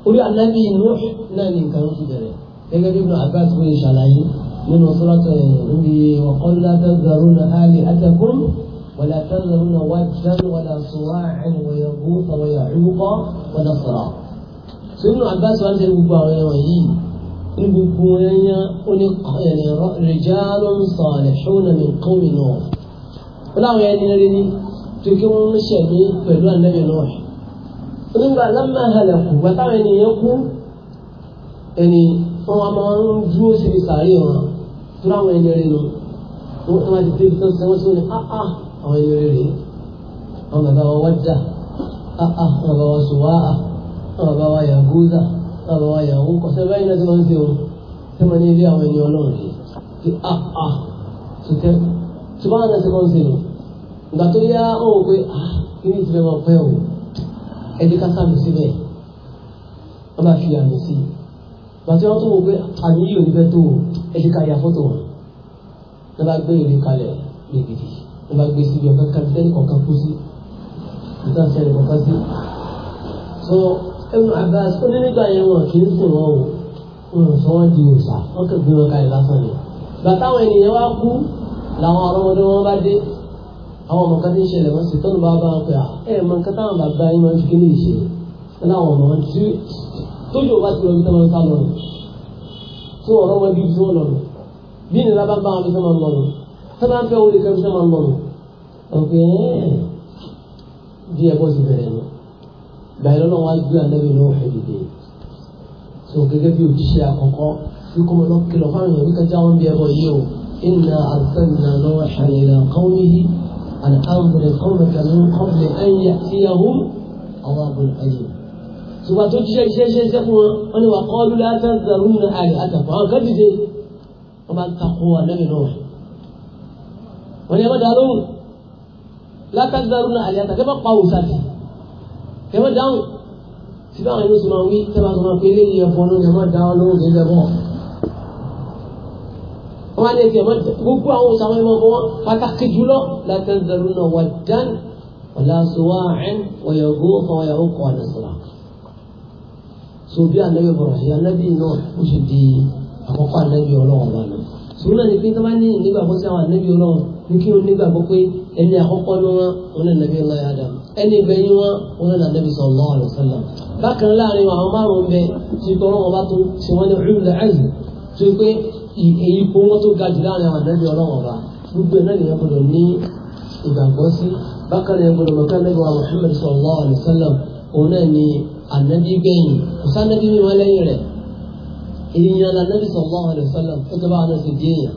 [SPEAKER 1] orí anábì inú náà ní nǹkan ti bẹ̀rẹ̀ gẹ́gẹ́ bí ibùdó àgbà tó ń ṣàlàyé nínú sọ́rọ́tọ̀ lórí ọ̀kan látàzàrú na alẹ́ àtẹkùn wàlẹ́ àtàzàrú na wájúdán wàlẹ́ àsùnwá àìn wọ̀yẹ̀bú wọ̀yẹ̀ àrúkọ wọ̀lẹ̀ sọ̀rọ̀ tó nínú àgbà tó ń ṣe gbogbo àwọn ẹ̀wọ̀n yìí ní gbogbo ẹ̀yàn ó ní rìjálùm sọ̀rẹ̀ ṣúnà ní kọ́mìnà láwọn ẹni rí ni tókè wọn ṣẹ̀mí pẹ̀lú ànábì náà onígbà lámà halẹ̀kù wà táwọn ẹni yẹn kú ẹni wọn wá máa ń dúró síbi sàárè wọn tó láwọn ẹni rí nu wọn tó máa ti débi tó ń sẹ́wọ́n sí wọn ni áá ah, ah, àwọn ẹni rí rí àwọn bàbá wa wájà áá ah, àwọn bàbá wa sùwáà àwọn bàbá wa yàgúzà àwọn bàbá wa yàwó kọ̀sẹ́ báyìí náà ti máa ń fi wọn sẹ́wọ́n ní ilé àwọn ẹni ọlọ́run yìí tí wọ́n á nà ṣe wọ́n ṣe lọ. ìgbà tó yá ó ah kíní ìtìlẹ̀ wọn pẹ́ o ẹni ká sàmì síbẹ̀ wọ́n bá fi àmì sí i. ìgbà tí wọ́n tó ya fọ́tò wọn. wọ́n bá gbé ìrìn kalẹ̀ gbègbèdì wọ́n bá gbé síbi ọ̀kan kan fẹ́ẹ́ kọ̀ọ̀kan kú sí ìtànṣẹ́ rẹ̀ kọ̀ọ̀kan sí. sọ ẹnu Abbas ó ní nígbà yẹn wọn kì í sìn wọn o wọn sọ wọn di òòṣà wọn kàn gbé wọn kalẹ̀ lásán ni. bàtà àwọn ènìyàn wá kú làwọn ọ̀rọ̀ wọn ni wọ́n bá dé àwọn ọmọ kan tí ń ṣẹlẹ̀ wọ́n sì tọ́nu bá bá wọn pé ah, ẹ mọ nǹkan táwọn bàbá yín máa ń fi kí ní ìṣe láwọn ọmọ wọn tí tójú bá ti lọ bí táwọn sá lọ rẹ̀ tí ọ̀rọ̀ wọn bí tí wọ́n lọ rẹ̀ bí ìnira bá bá wọn bí tí lọ rẹ̀ tí wọ́n fẹ́ wọlé kẹ́mi tí lọ rẹ̀ ọ̀kẹ́ bí ẹ̀kọ́ sì bẹ̀rẹ̀ lọ báyìí lọ́nà wá gbé so gẹ́gẹ́ bí òjíṣẹ́ àkọ́kọ́ bí kọ́mọ lọ́kìlọ̀ fáwọn èèyàn wíkẹ́ إنا أرسلنا نوحا إلى قومه أن أنظر قومك من قبل أن يأتيهم عذاب أليم ṣùgbọ́n tó jíṣẹ́ iṣẹ́ iṣẹ́ iṣẹ́ fún wọn wọ́n ní wà kọ́ọ́lù látàzàrú nínú àlè àtàkùn àwọn kan dìde wọ́n bá ń takò ànábì náà wọ́n ní ẹ má dá lóhùn látàzàrú nínú àlè àtàkùn ẹ má pa òòsàtì ẹ má dáhùn síbáwọn ẹni sọ ma wí sábà sọ ma pé eléyìí ẹ̀fọ́ lónìí ẹ má dá lóhùn kí ẹ fẹ́ bọ́ wọn ní ẹkẹ gbogbo àwọn òṣàwọn ẹmọ ọmọ wọn pàtàkì jùlọ látẹnudẹrù náà wà dán ọlásùwà ẹn wọyọgó fọwọyọgó kọ àdàsọlá. so bí anabi bọrọ yìí anabi náà ó sì di àkọ́kọ́ anabi Ọlọ́run wa lọ. náà ni pé tọ́ba ní nígbàgbọ́ sí àwọn anabi Ọlọ́run ní kí wọ́n nígbàgbọ́ pé ẹni àkọ́kọ́ ni wọ́n wọn náà nàbí ọlọ́yà dà ẹni ìgbẹ̀yìn wọn wọn náà nàbí sallallahu alaihi wasallam. bákan èyí kó wọ́n tó ga jù láàrin àwọn ànábì ọlọ́wọ́n ọba gbogbo ẹ̀ náà nìyẹn gbọdọ̀ ní ìgbàgbọ́ sí bákan náà gbọdọ̀ mọ̀ká ànábì wa Muhammad sallallahu alayhi wa sallam òun náà ni ànábì gbẹ̀yìn kò sí ànábì mi wọn lẹ́yìn rẹ̀ èèyàn la ànábì sallallahu alayhi wa sallam ó ti bá àná sí di èèyàn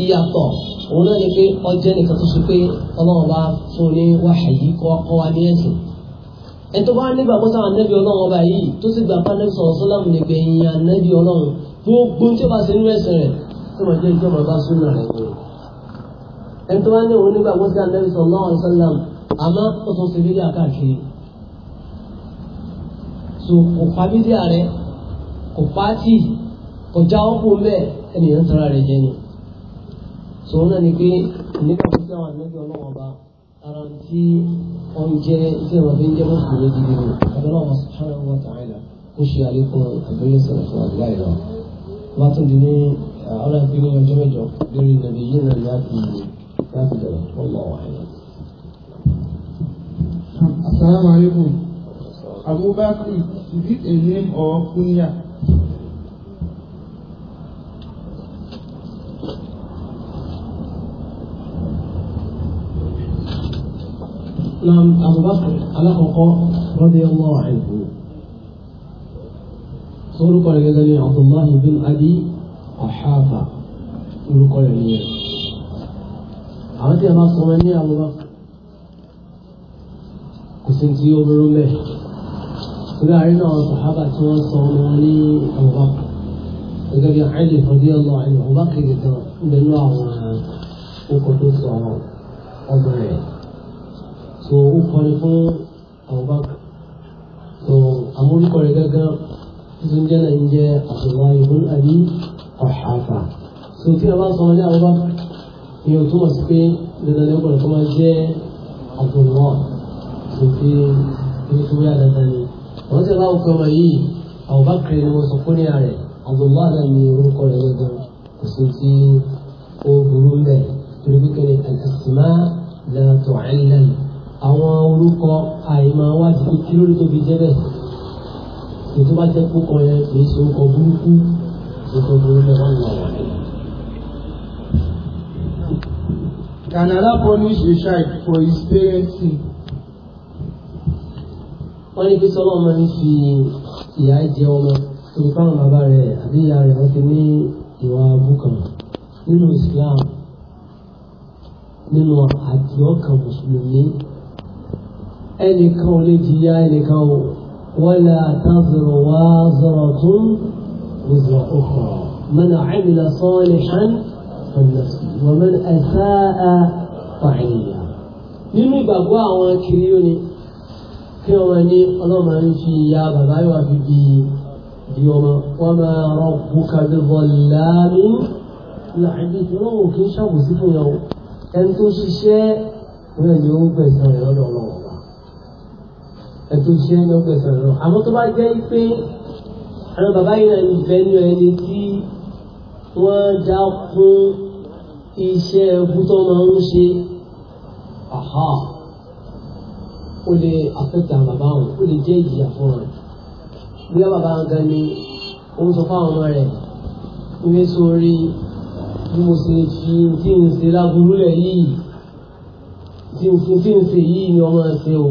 [SPEAKER 1] ìyàtọ̀ òun náà ni pé ọjẹ́ nìkan tó ṣe pé ọlọ́wọ́n bá fún ní wàhálì kọ́ wa ní ẹ̀sìn ẹ̀tọ́ bá nígbàgbọ́ sáwọn ànábì ọlọ́wọ́n ọba yìí tó sì gbà pa ànábì sallam nìgbẹ̀yìn ànábì ọlọ́wọ́n gbogbo tí ó bá ṣe nínú ẹ̀sìn rẹ̀ tó máa jẹ́ ìjọ máa bá súnà rẹ̀ ni. ẹni tó wá ní òun nígbà wọ́n ti àná ìsọ̀ náà ọ̀sánlám àmọ́ ó tún ṣe bídíà káàkiri. so kò pa bídíà rẹ̀ kò pa tì kò já ọkùn bẹ́ẹ̀ ènìyàn tara rẹ̀ jẹ ni. so òun náà ni pé nígbà wọ́n ti àwọn
[SPEAKER 2] ànágbé ọlọ́wọ́n bá
[SPEAKER 1] ara tí wọ́n jẹ́ tí wọ́n fi ń jẹ́ mọ́sùlùmí gidi ni. àbẹ̀lẹ́ látúndì ní ọlọ́ọ̀dì ní ọjọ́ mẹ́jọ lórí nàbí yìí náà láti láti bẹ̀rẹ̀ ọmọ
[SPEAKER 2] is it a name or kunya.
[SPEAKER 1] nam abubakar alakoko rọ́dí ọmọ wáyé orúkọ rẹ̀ gẹ́gẹ́ ní abdullahi bin abi ahafa orúkọ rẹ̀ ní ẹ̀ àwọn tí a máa sọ wọn ní àwọn kò sí ti ó burú mẹ́ torí àárín náà sàhábà tí wọ́n sọ wọn ní àwọn gẹ́gẹ́ bí àìlè fọdí ọlọ àìlè ọba kejì kan nínú àwọn okò tó sọ ọmọ rẹ̀ tó ó kọrin fún àwọn bá tó àwọn rẹ̀ gángan sunjana ń jẹ́ abdullahi ibn abi ọ̀hàfà so tí a bá sọ ọjọ́ àwọn bá ní o túmọ̀ sí pé dandan ní ọkùnrin tó máa jẹ́ abdullahi so tí ní tó yá dandan ni wọ́n ti láwọn orúkọ àìmọ̀ wá sí kí lórí tóbi jẹ́ bẹ́ẹ̀ ètò bá jẹ́ kókọ yẹn kì í ṣe orúkọ burúkú orúkọ burúkú
[SPEAKER 2] wọn lọ Can Allah punish the child for his parents' sin? Wọ́n ní kí
[SPEAKER 1] sọ́lọ́ ọmọ ní fi ìyá jẹ ọmọ tó fáwọn bàbá rẹ̀ àbí ìyá rẹ̀ wọ́n ti ní ìwà búkan nínú Islam nínú àdìọ́kàn mùsùlùmí ẹnìkan ò lè jìyà ẹnìkan ò. ولا تزر وازرة وزر أخرى من عمل صالحا فلنفسه ومن أساء فعليها nínú ìgbàgbọ́ àwọn kiri ni kí ọmọ ní ọlọ́mọ ń fi ya bàbá yóò fi di di ọmọ wọn máa rán bùkà bí bọ́láàmì láàbí tí wọn ò kí ń ṣàbòsí fún yàwó ẹni tó ṣiṣẹ́ wọn ni ó gbẹ̀sán lọ́dọ̀ ọlọ́wọ́ ẹtún ṣe ń lọ́pẹ̀ sọ̀rọ̀ náà àmọ́ tó bá jẹ́ pé àwọn bàbá yìí náà ń fẹ́nu ẹni tí wọ́n dá fún iṣẹ́ ẹkú tó máa ń ṣe àhá ó lè àfẹ́tà bàbá wọn ó lè jẹ́ ìjìyà fún wọn bí wọ́n bàbá gan ni ó sọ fún ọmọ rẹ̀ ní sórí bí mo ṣe fi tí ń ṣe láburú yìí tí ń ṣe yìí ni ọmọ ṣe o.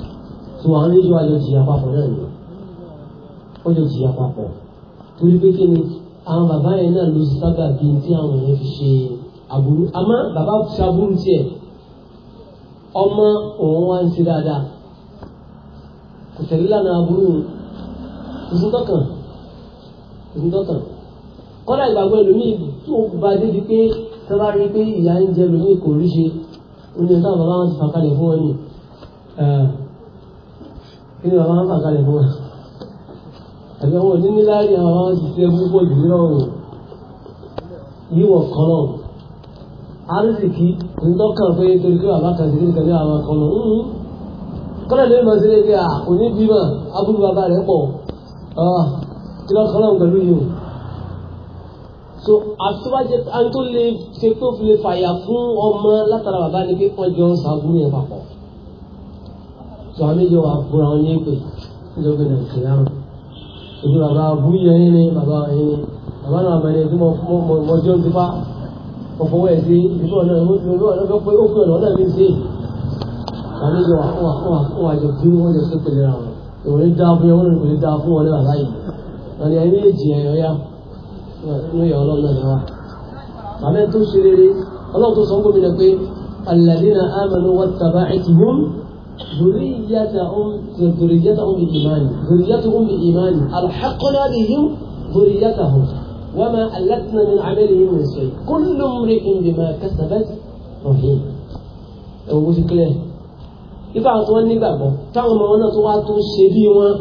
[SPEAKER 1] tó àwọn méjì wájú jìyà papọ̀ náà ni wọ́n jọ jìyà papọ̀ torí pé kí ni àwọn bàbá yẹn náà ló sábà bí tí àwọn èèyàn fi ṣe aburú àmọ́ bàbá ṣaburú tiẹ̀ ọmọ òun wá ń ṣe dáadáa kò tẹ̀lé lánàá aburú ìsúntọ́kàn ìsúntọ́kàn kọ́lá ìgbàgbọ́ ẹlòmíì tó bá débi pé tó rí pé ìyá ń jẹ ẹlòmíì kò rí ṣe ó ní ẹ̀ bàbá wọn ti fà kalẹ̀ fún wọn ni kí ni bàbá wọn fà kalẹ̀ fún wa àbí àwọn oníníláàrí àwọn àwọn ti ṣe púpọ̀ jù lọ́rùn yíwọ̀ kan náà àrísìkí ńdọ́kàn pé torí pé bàbá kan ti rí nǹkan ní àwọn kan náà kọ́lẹ̀ lè mọ̀ sí lé pé kò ní bímọ abúlé bàbá rẹ̀ pọ̀ kí lọ́kàn náà pẹ̀lú yìí so àtúbàjẹ àtúntò lè ṣe pé ó fi lè fàyà fún ọmọ látara bàbá ni pé wọ́n jọ ń sàbúrò yẹn papọ̀ tó a méjì wà fúnra wọn ní pé níjọ́ pé nàìjíríà kìláàmù ìlú bàbá abúlé yẹn ni bàbá yẹn ni bàbá náà bàbá yẹn tí mo mọ ọjọ́ ti pa ọkọ̀ wẹ̀ sí ìlú ọ̀nà ìlú ọ̀nà tó pé ó pè ọ̀nà ọ̀nà mi sí wà méjì wà fún wa fún wa fún wa jọ bí wọ́n jọ sí pèlè ra wọn ìwọ̀n ní dáa fún yẹn wọ́n ní dáa fún wọn ní bàbá yìí wọn ni ẹni èjì ذريتهم ذريتهم بالإيمان ذريتهم بالإيمان ألحقنا بهم ذريتهم وما ألتنا من عملهم من شيء كل امرئ بما كسبت رهين ẹ̀wọ̀n ti kílẹ̀ nípa àwọn tó wọ́n nígbàgbọ́ táwọn ọmọ náà tó wá tó ṣe bí wọn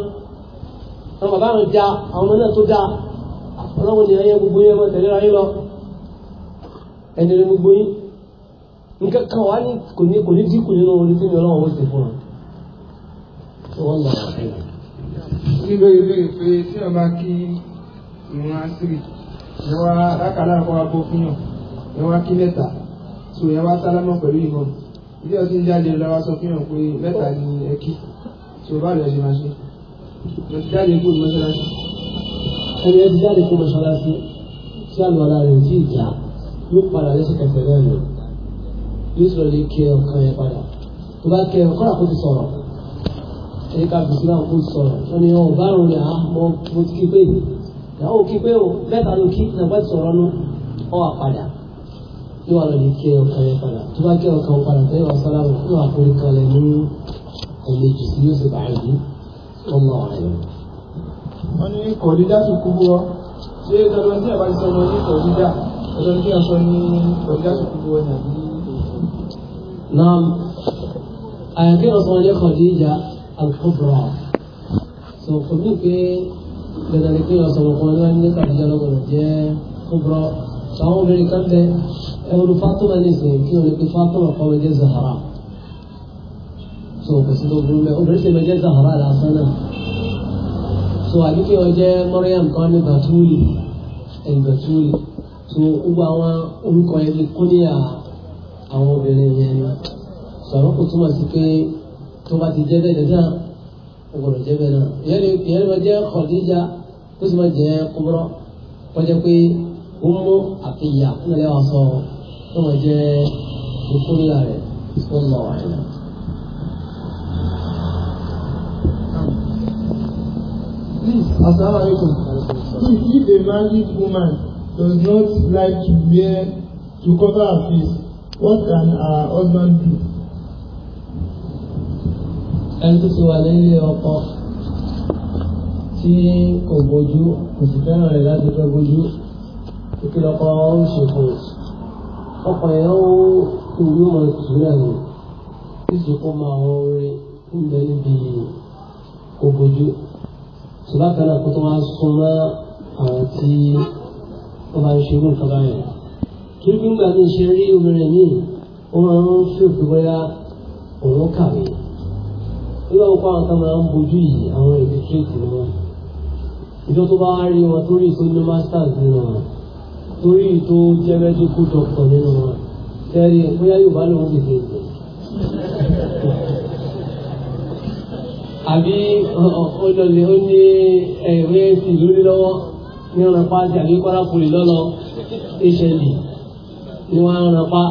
[SPEAKER 1] àwọn bàbá àwọn dá àwọn ọmọ náà tó dá ọlọ́wọ́n ni ẹyẹ gbogbo yẹn mọ́ tẹ̀lé ayé lọ ẹni rẹ gbogbo yín nǹkan kan wà ní kò ní kò ní dínkù nínú orí tí mi ọlọ́run ó sì fún un tí wọ́n gbà wọ́n fẹ́ràn.
[SPEAKER 2] nílò ilé ìpè tí wọ́n bá kí ìwọ̀n àṣírí ìwọ̀n alákàlà àkọ́ abó fún yàn ìwọ̀n kí mẹ́ta tó yẹn wá sálámọ̀ pẹ̀lú ìbọn ilé ọtí ń jáde lọ́wọ́ sọ fún yàn pé mẹ́ta ni ẹ kí tó bá rẹ̀ ṣe máa ṣe mo ti jáde kúrò mọ́ṣáláṣí. ẹni ẹ ti jáde kúrò mọ́ṣáláṣí
[SPEAKER 1] tí àlọ́ ara rẹ̀ ò tí ì jà yóò padà lẹ́sẹ̀kẹsẹ̀ náà yóò sọ̀rọ̀ lè kí ọkàn yẹn padà tó bá kẹ ọkọ rà kó ti sọ̀rọ̀ ẹni ká bìsí náà kó ti sọ̀rọ̀ wọn ni wọn bá à mọ mo ti kí pé ìyàwó kí pé o mẹ́ta ló kí nàgbà ti sọ̀rọ̀ nu ọ wà padà yóò wà lọ lè kí ọkàn yẹn padà tó bá kẹ ọkàn padà tẹ́lẹ̀ wà sálámù yóò wà forí kalẹ̀ ní ẹ̀mejì sí yóò sì bá ẹ̀dí
[SPEAKER 2] wọn lọ ọ̀rẹ́ rẹ̀. wọ́n ní kọ̀ dídá tó kú bọ́ ṣé dandan a sọ ní kọ̀ dídá tó
[SPEAKER 1] نعم أكيد أصلا خديجة الكبرى سو خديجة لذلك أصلا قلنا أن خديجة لغنى كبرى سواء بنكم ده أول فاطمة نسي كي ولك فاطمة قوم جاء زهراء سو بس لو بنقول له بس لما جاء زهراء الأصلا سو أكيد وجاء مريم كان باتولي الباتولي سو أبوا أنكم يلقوني àwọn obìnrin yẹn sọ̀rọ̀ kò túmọ̀ sí pé tó bá ti jẹ́ bẹ́ẹ̀ náà ó gbọ́dọ̀ jẹ́ bẹ́ẹ̀ náà ìyẹn ló jẹ́ Khadija ó sì máa jẹ́ Kubra wọ́n jẹ́ pé ó mú àfihà fún ẹlẹ́wà sọ tó máa jẹ́ ìkúnlá
[SPEAKER 2] rẹ̀ tó ń lọ àìlá. Please, Assalamualaikum. Please, if a married woman does not like to wear to cover her face What can our husband do?
[SPEAKER 1] Ẹni tó ti wà nílé ọkọ tí kò bójú kò sì fẹ́ràn rẹ̀ láti fẹ́ bójú ìkìlọ̀ ọkọ ó ṣe fún un. Ọkọ yẹn ó kú yóò mọ ìtura rẹ̀ tí ìsìnkú máa wọ orin ń bẹ níbi kò bójú. Ṣùgbọ́n kan náà kó tó wá súnmọ́ àwọn tí wọ́n bá ń ṣe irú nǹkan báyìí torí nígbà tí ṣe rí obìnrin yìí ó máa ń fèèfé bóyá òun kàwé nígbà wo pàwọn kan máa ń bojú yìí àwọn èdè tírèkì ni wọn ìjọ tó bá wá rí wọn torí tó ní masters nínú wọn torí tó jẹ́ medical doctor nínú wọn kẹrin bóyá yóò bá lòun dìde ìgbẹ àbí ọlọlẹ ó ní ẹ̀rẹ́ ti lórí lọ́wọ́ ní ọ̀nà pàṣẹ àbí kọ́ra kùrì lọ́lọ́ hld ni wọ́n ń ràn pa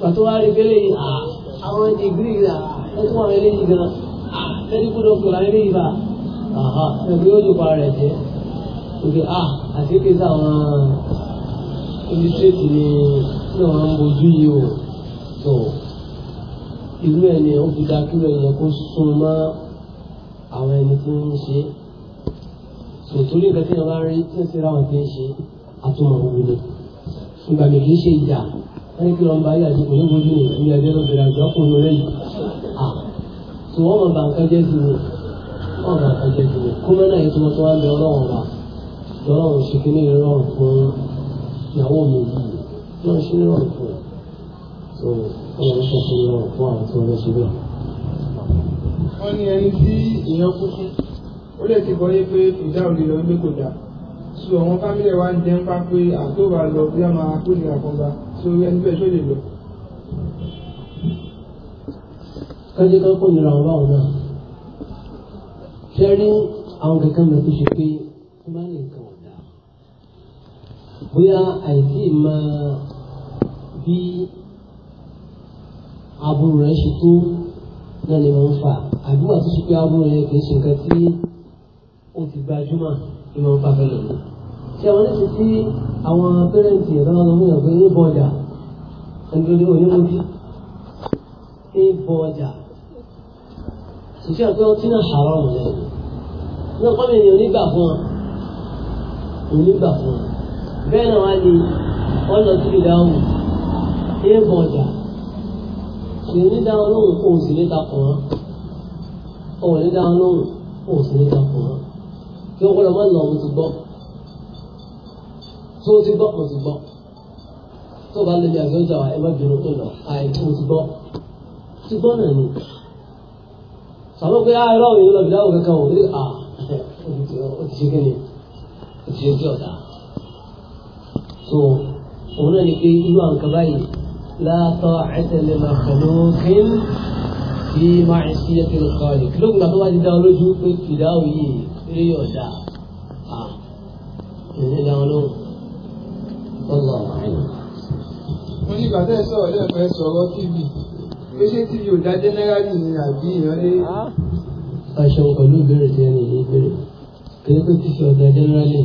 [SPEAKER 1] pàtó wá rí gbélé ah, àwọn dìgírì rà ẹtún àwọn eléyìí gan mẹdíkù dọ́kítọ̀ láyé ní ibà ẹgbẹ́ yóò dùpa rẹ̀ jẹ́ òkè a ah, àti kéde àwọn olùsètì ni tí wọ́n ń bojú yìí o tó irú ẹ̀ ni ó fi da kí lóye yẹ kó sún mọ́ àwọn ẹni tí ń ṣe sòtúrí nǹkan tí wọ́n bá rí tí ń ṣe láwọn tí ń ṣe àtúmọ̀ òwúlò ìgbà mi ṣe ìjà ẹni pé ọmọ ayé àti ìpínlẹ̀ ojú ni ìlú ẹgbẹ́ ló bẹ̀rẹ̀ àjọ kò lórí yìí à tí wọ́n mọ̀ bá ń kẹ́jẹ́ sí mi wọ́n bá kẹ́jẹ́ sí mi kó mẹ́rin àyè tí mo tó wá ń bẹ ọlọ́run ọba lọ́rọ̀ kí ní ìrọ̀rùn fún ìyàwó mi yìí
[SPEAKER 2] lọ́rọ̀ ṣe ìrọ̀rùn fún ẹ̀ tó
[SPEAKER 1] ọ̀rọ̀ ṣe ṣe ìrọ̀rùn fún àwọn tí wọ́n lọ ṣe bẹ́ẹ̀.
[SPEAKER 2] wọ́n ní ẹni tí ìyàn kúkú ó lè ti gbọ́ yé pé ìdá so àwọn fámílì wa ń jẹ́ ń pa pé àtòwà lọ bí a máa kó nira kan bá so ẹni bẹ́ẹ̀ ṣó lè lọ. kájí kan kó nira ọba ọ̀nà
[SPEAKER 1] ṣe rí àwọn kankan lọ tó ṣe pé tó bá lè kàn ọ̀dà bóyá àìsí máa bí aburú rẹ̀ ṣe tó náà ni wọ́n ń fà àdúrà tó ṣe pé aburú rẹ̀ kì í ṣe nǹkan tí ó ti gbajúmọ̀ ni wọ́n bá fẹ́ lò ó. ṣé àwọn oníṣẹ́ tí àwọn pẹ́rẹ́ǹtì ìdáná ló ń yàn pé ní bọ́ọ̀jà ẹgbẹ́ ní onímọ̀bí ní bọ́ọ̀jà ṣùgbọ́n pé ọtí náà ṣàrọ̀ rẹ̀ ní ọkọ mi ni onígbà fún ọ onígbà fún ọ bẹ́ẹ̀ náà wá ní ọ̀nà tí ìdáhùn ní bọ́ọ̀jà ṣe ní dáhùn lóhùn kò sí ní takùn ọ́ ọ̀ ní dáhùn lóhùn kò sí ní takùn ọ́ kí wọ́n gbọ́dọ̀ lọ mo ti gbọ́ tó o ti gbọ́ mo ti gbọ́ tó o bá lè ní àgbẹ̀ ọjà wa ẹ má bínú tó lọ àìkú mo ti gbọ́ ti gbọ́ náà ni sàmọ́ pé àárọ̀ ah, òyìnbó lọ bìlá òkè kan òun ní à ah, ó ti ṣe kéde ó ti ṣe kí ọ̀dà so òun náà ni pé irú àwọn báyìí látọ̀ ẹ̀tẹ̀lẹ̀ màkàlókè fi máa ń ṣí ẹ̀tẹ̀lẹ̀ kí ló ń gbà tó wá ti dá ọ lójú pé ìdáhùn yìí eléyìí ọ̀dà à èyí làwọn olóhùn
[SPEAKER 2] ọlọ àìlè. wọ́n ní bàtà ẹ̀ sọ̀rọ̀ lẹ́ẹ̀fẹ́ sọ̀rọ̀ tv pé ṣé tv ò dá jẹ́nẹ́rálì ni àbí ìrọ̀lẹ́.
[SPEAKER 1] aṣọun pẹ̀lú ìbéèrè tí ẹni yìí béèrè kí ló ti fi ọ̀dà jẹ́nẹ́rálì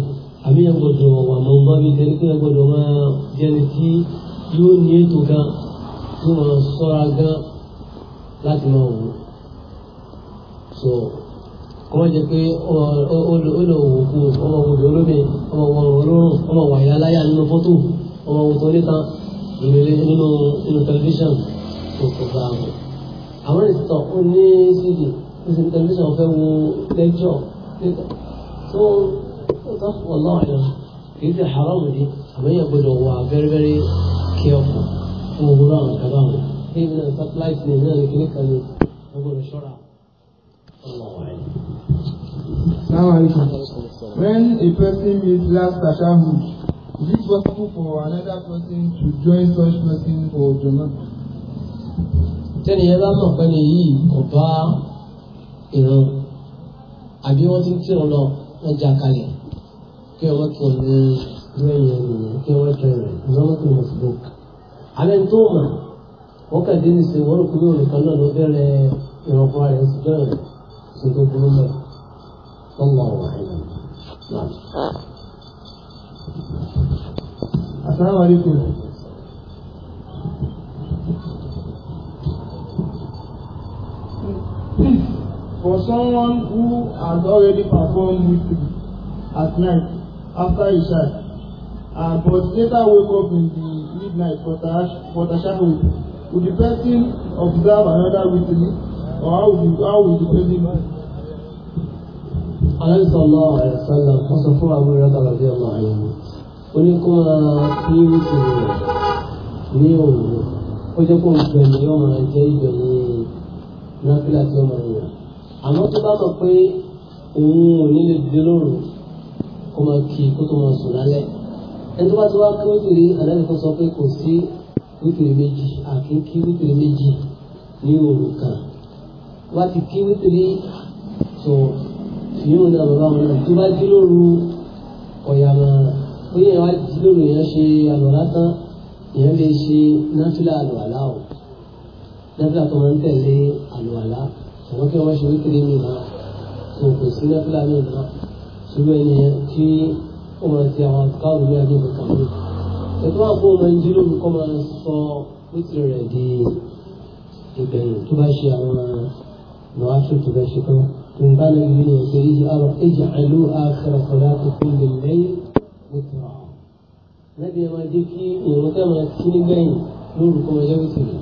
[SPEAKER 1] àbí ẹ̀ gbọ́dọ̀ wà mọ́ bá mi tẹ́lẹ̀ pé ẹ̀ gbọ́dọ̀ máa jẹ́ni tí yóò ní ètò gan tó máa sọ́ra gan láti máa wò ó kọ́mọ jẹ́ pé olùwòkú ọmọ òwòlò olómi ọmọ òwòlò olórùn ọmọ wàyà láyà nínú fọ́tò ọmọ òwòtò oníkan ìrẹ̀lẹ̀ nínú nínú tẹlifíṣàn kò gbà wọ̀. àwọn ìtọ̀ ó ní sídì ó tẹlifíṣàn fẹ́ wo lẹ́jọ́ tó tó wọ̀ lọ́ọ̀yà kì í ti haram ni àmẹ́yẹ gbọdọ̀ wà bẹ́rẹ́bẹ́rẹ́ kí ọkọ̀ fún òwúrọ̀ àwọn ìjọba wọn. bí ní ìlànà
[SPEAKER 2] When a person meets last tashahud, is it possible for another person to join such person for Jama?
[SPEAKER 1] Tẹ́niyẹ bá mọ̀ pé ní yìí kò bá ìran àbí wọ́n ti ń tìrọ̀ lọ wọ́n já kalẹ̀ kí wọ́n tọ̀ ní lẹ́yìn ènìyàn kí wọ́n tọ̀ rẹ̀ lọ́wọ́ tó mọ̀ síbò. Alẹ́ tó mọ̀ wọ́n kàdé ní sè kúrò nìkan náà ló bẹ̀rẹ̀ ìrànwọ́ rẹ̀ sí lọ́rẹ̀ sí tó burú mẹ́rin.
[SPEAKER 2] والله أعلم نعم السلام عليكم For someone who has already performed weekly at night after Isha, uh, but later wake up in the midnight for Tash for Tashahud, would the person observe another weekly, or how would, how would the person
[SPEAKER 1] alẹ́sọ̀lọ́ àìsànlá wọ́n sọ fún àwọn ìrọ́ta lọ́dí ọmọ àyẹ̀wò oníkọ́ kí ó ti rẹ̀ ní òun ó jẹ́ kó ń bẹ̀ ní ọmọ ẹ̀jẹ̀ ibẹ̀ ní náfílà tí ọmọ ẹ̀yà àmọ́ tó bá mọ̀ pé òun ò ní lè dé lóru kó máa kí kó tó máa sùn lálẹ́ ẹni tó bá ti wá kí ó tèrè àdáyé kan sọ pé kò sí wítìrì méjì àti kí wítìrì méjì ní òru wá ti kí wítìrì sọ̀rọ̀ fìyíwò náà bàbá wọn náà tó bá jí lóru ọ̀yàmà bóyá ìyẹn wá jí lóru ìyẹn ṣe àlùwàlá tán ìyẹn lè ṣe náfìlà àlùwàlá o náfìlà tó máa ń tẹ̀lé àlùwàlá ṣùgbọ́n kí wọ́n ṣe wípé mi náà tó kò sí náfìlà mi náà ṣùgbọ́n ẹni yẹn kí ó máa ti àwọn káwọn ìlú ẹni kankan mi. ètò àwọn kó máa ń jí lóru kó máa sọ wítìrì rẹ̀ di ìgbẹ̀yìn tó bá ṣe àwọn mọ̀ من قال يمين وسيره آمر اجعلوا آخر صلاتكم بالليل وترى نبي ما ديكي ومتى ما يكفيني قاين نوركم وجبتني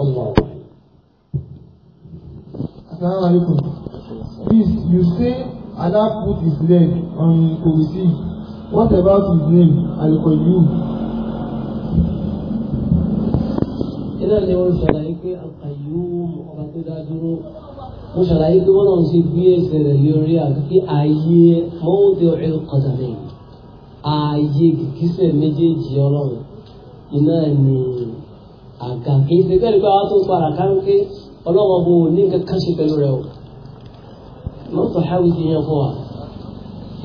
[SPEAKER 2] الله Assalamu alaikum. Please, you say Allah put his leg on Kogi. What about his name, Al-Qayyum?
[SPEAKER 1] iná ni wọ́n ṣàlàyé pé Al-Qayyum ọba tó dá dúró wọ́n ṣàlàyé pé wọ́n náà ṣe gbé ẹsẹ̀ rẹ̀ lórí àti ààyè mawdi'ul qadamayn ààyè kìkísẹ̀ méjèèjì ọlọ́run iná ni àga kìí ṣe bẹ́ẹ̀ ni pé àwọn tó ń para ká ń pé ọlọ́wọ́ bo ní nǹkan kan ṣe pẹ̀lú rẹ̀ o wọ́n sọ ha wíjì yẹn fún wa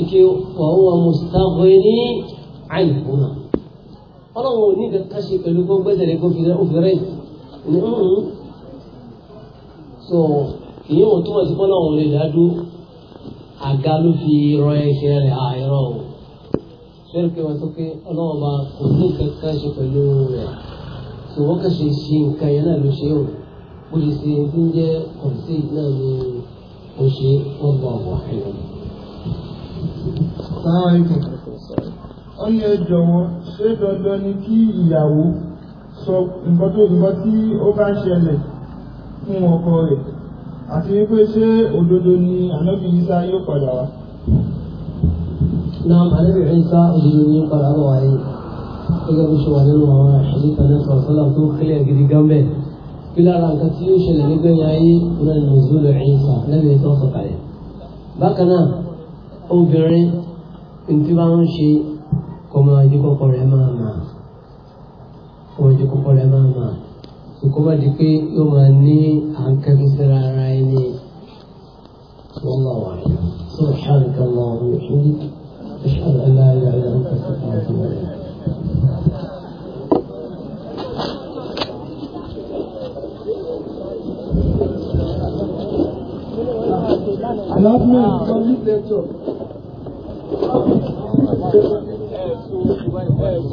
[SPEAKER 1] ike wàhùn wa mustaghni àìkú náà ọlọ́run ní kankan ṣe pẹ̀lú kó gbẹ́sẹ̀ kó fi rẹ̀ ní ọ̀hún so ìyẹn wọn túmọ̀ sí pọ́lọ́run lè dádó àga ló fi rọ ẹsẹ̀ rẹ̀ àìrọ̀ o sẹ́rù pé wọ́n tó pé ọlọ́run ọba kò ní kankan ṣe pẹ̀lú rẹ̀ so wọ́n kàn ṣe ṣe nǹkan yẹn náà ló ṣe o bó ṣe ṣe ń jẹ́ kọ̀ǹsì náà ni ó ṣe wọ́n
[SPEAKER 2] bá wà ẹ̀rọ. sáwọn ní ẹ jọ̀wọ́ ṣé dandan ni kí ìyàwó sọ nǹkan tó nǹkan tí ó bá ń ṣẹlẹ̀ fún ọkọ rẹ̀ àti wípé ṣé òdodo ni ànábì Ìsá yóò padà wá. نعم النبي عيسى أدلني قال
[SPEAKER 1] أنا وعي gẹ́gẹ́ bó ṣe wà nínú àwọn àṣìṣe ẹ̀sọ̀ sọ́lá tó kílẹ̀ gidi gan bẹ́ẹ̀ kí lára nǹkan tí yóò ṣẹlẹ̀ nígbẹ̀yìn ayé náà ní nuzulu Ìsá lẹ́nu ìtọ́ sọ̀kalẹ̀. bákan náà obìnrin ntí bá ń ṣe kó máa jẹ́ kọ́kọ́ rẹ̀ máa mà kó máa jẹ́ kọ́kọ́ rẹ̀ máa mà kó má di pé yóò máa ní à ń kẹ́rù síra ara ẹni wọ́n lọ wà ní سبحانك اللهم وبحمدك أشهد أن لا إله إلا أنت أستغفرك
[SPEAKER 2] وأتوب إليك Everybody believe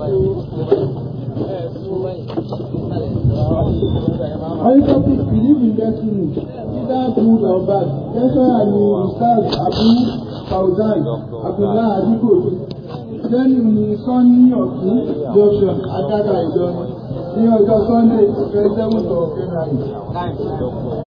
[SPEAKER 2] in destiny, either good or bad. Lecturer ni Ustaz Abu Fauzan Abdullah Adigo. Lẹ́nu ni Sọ́ni Joshua Adága Ìjọba ní ọjọ́ Sunday of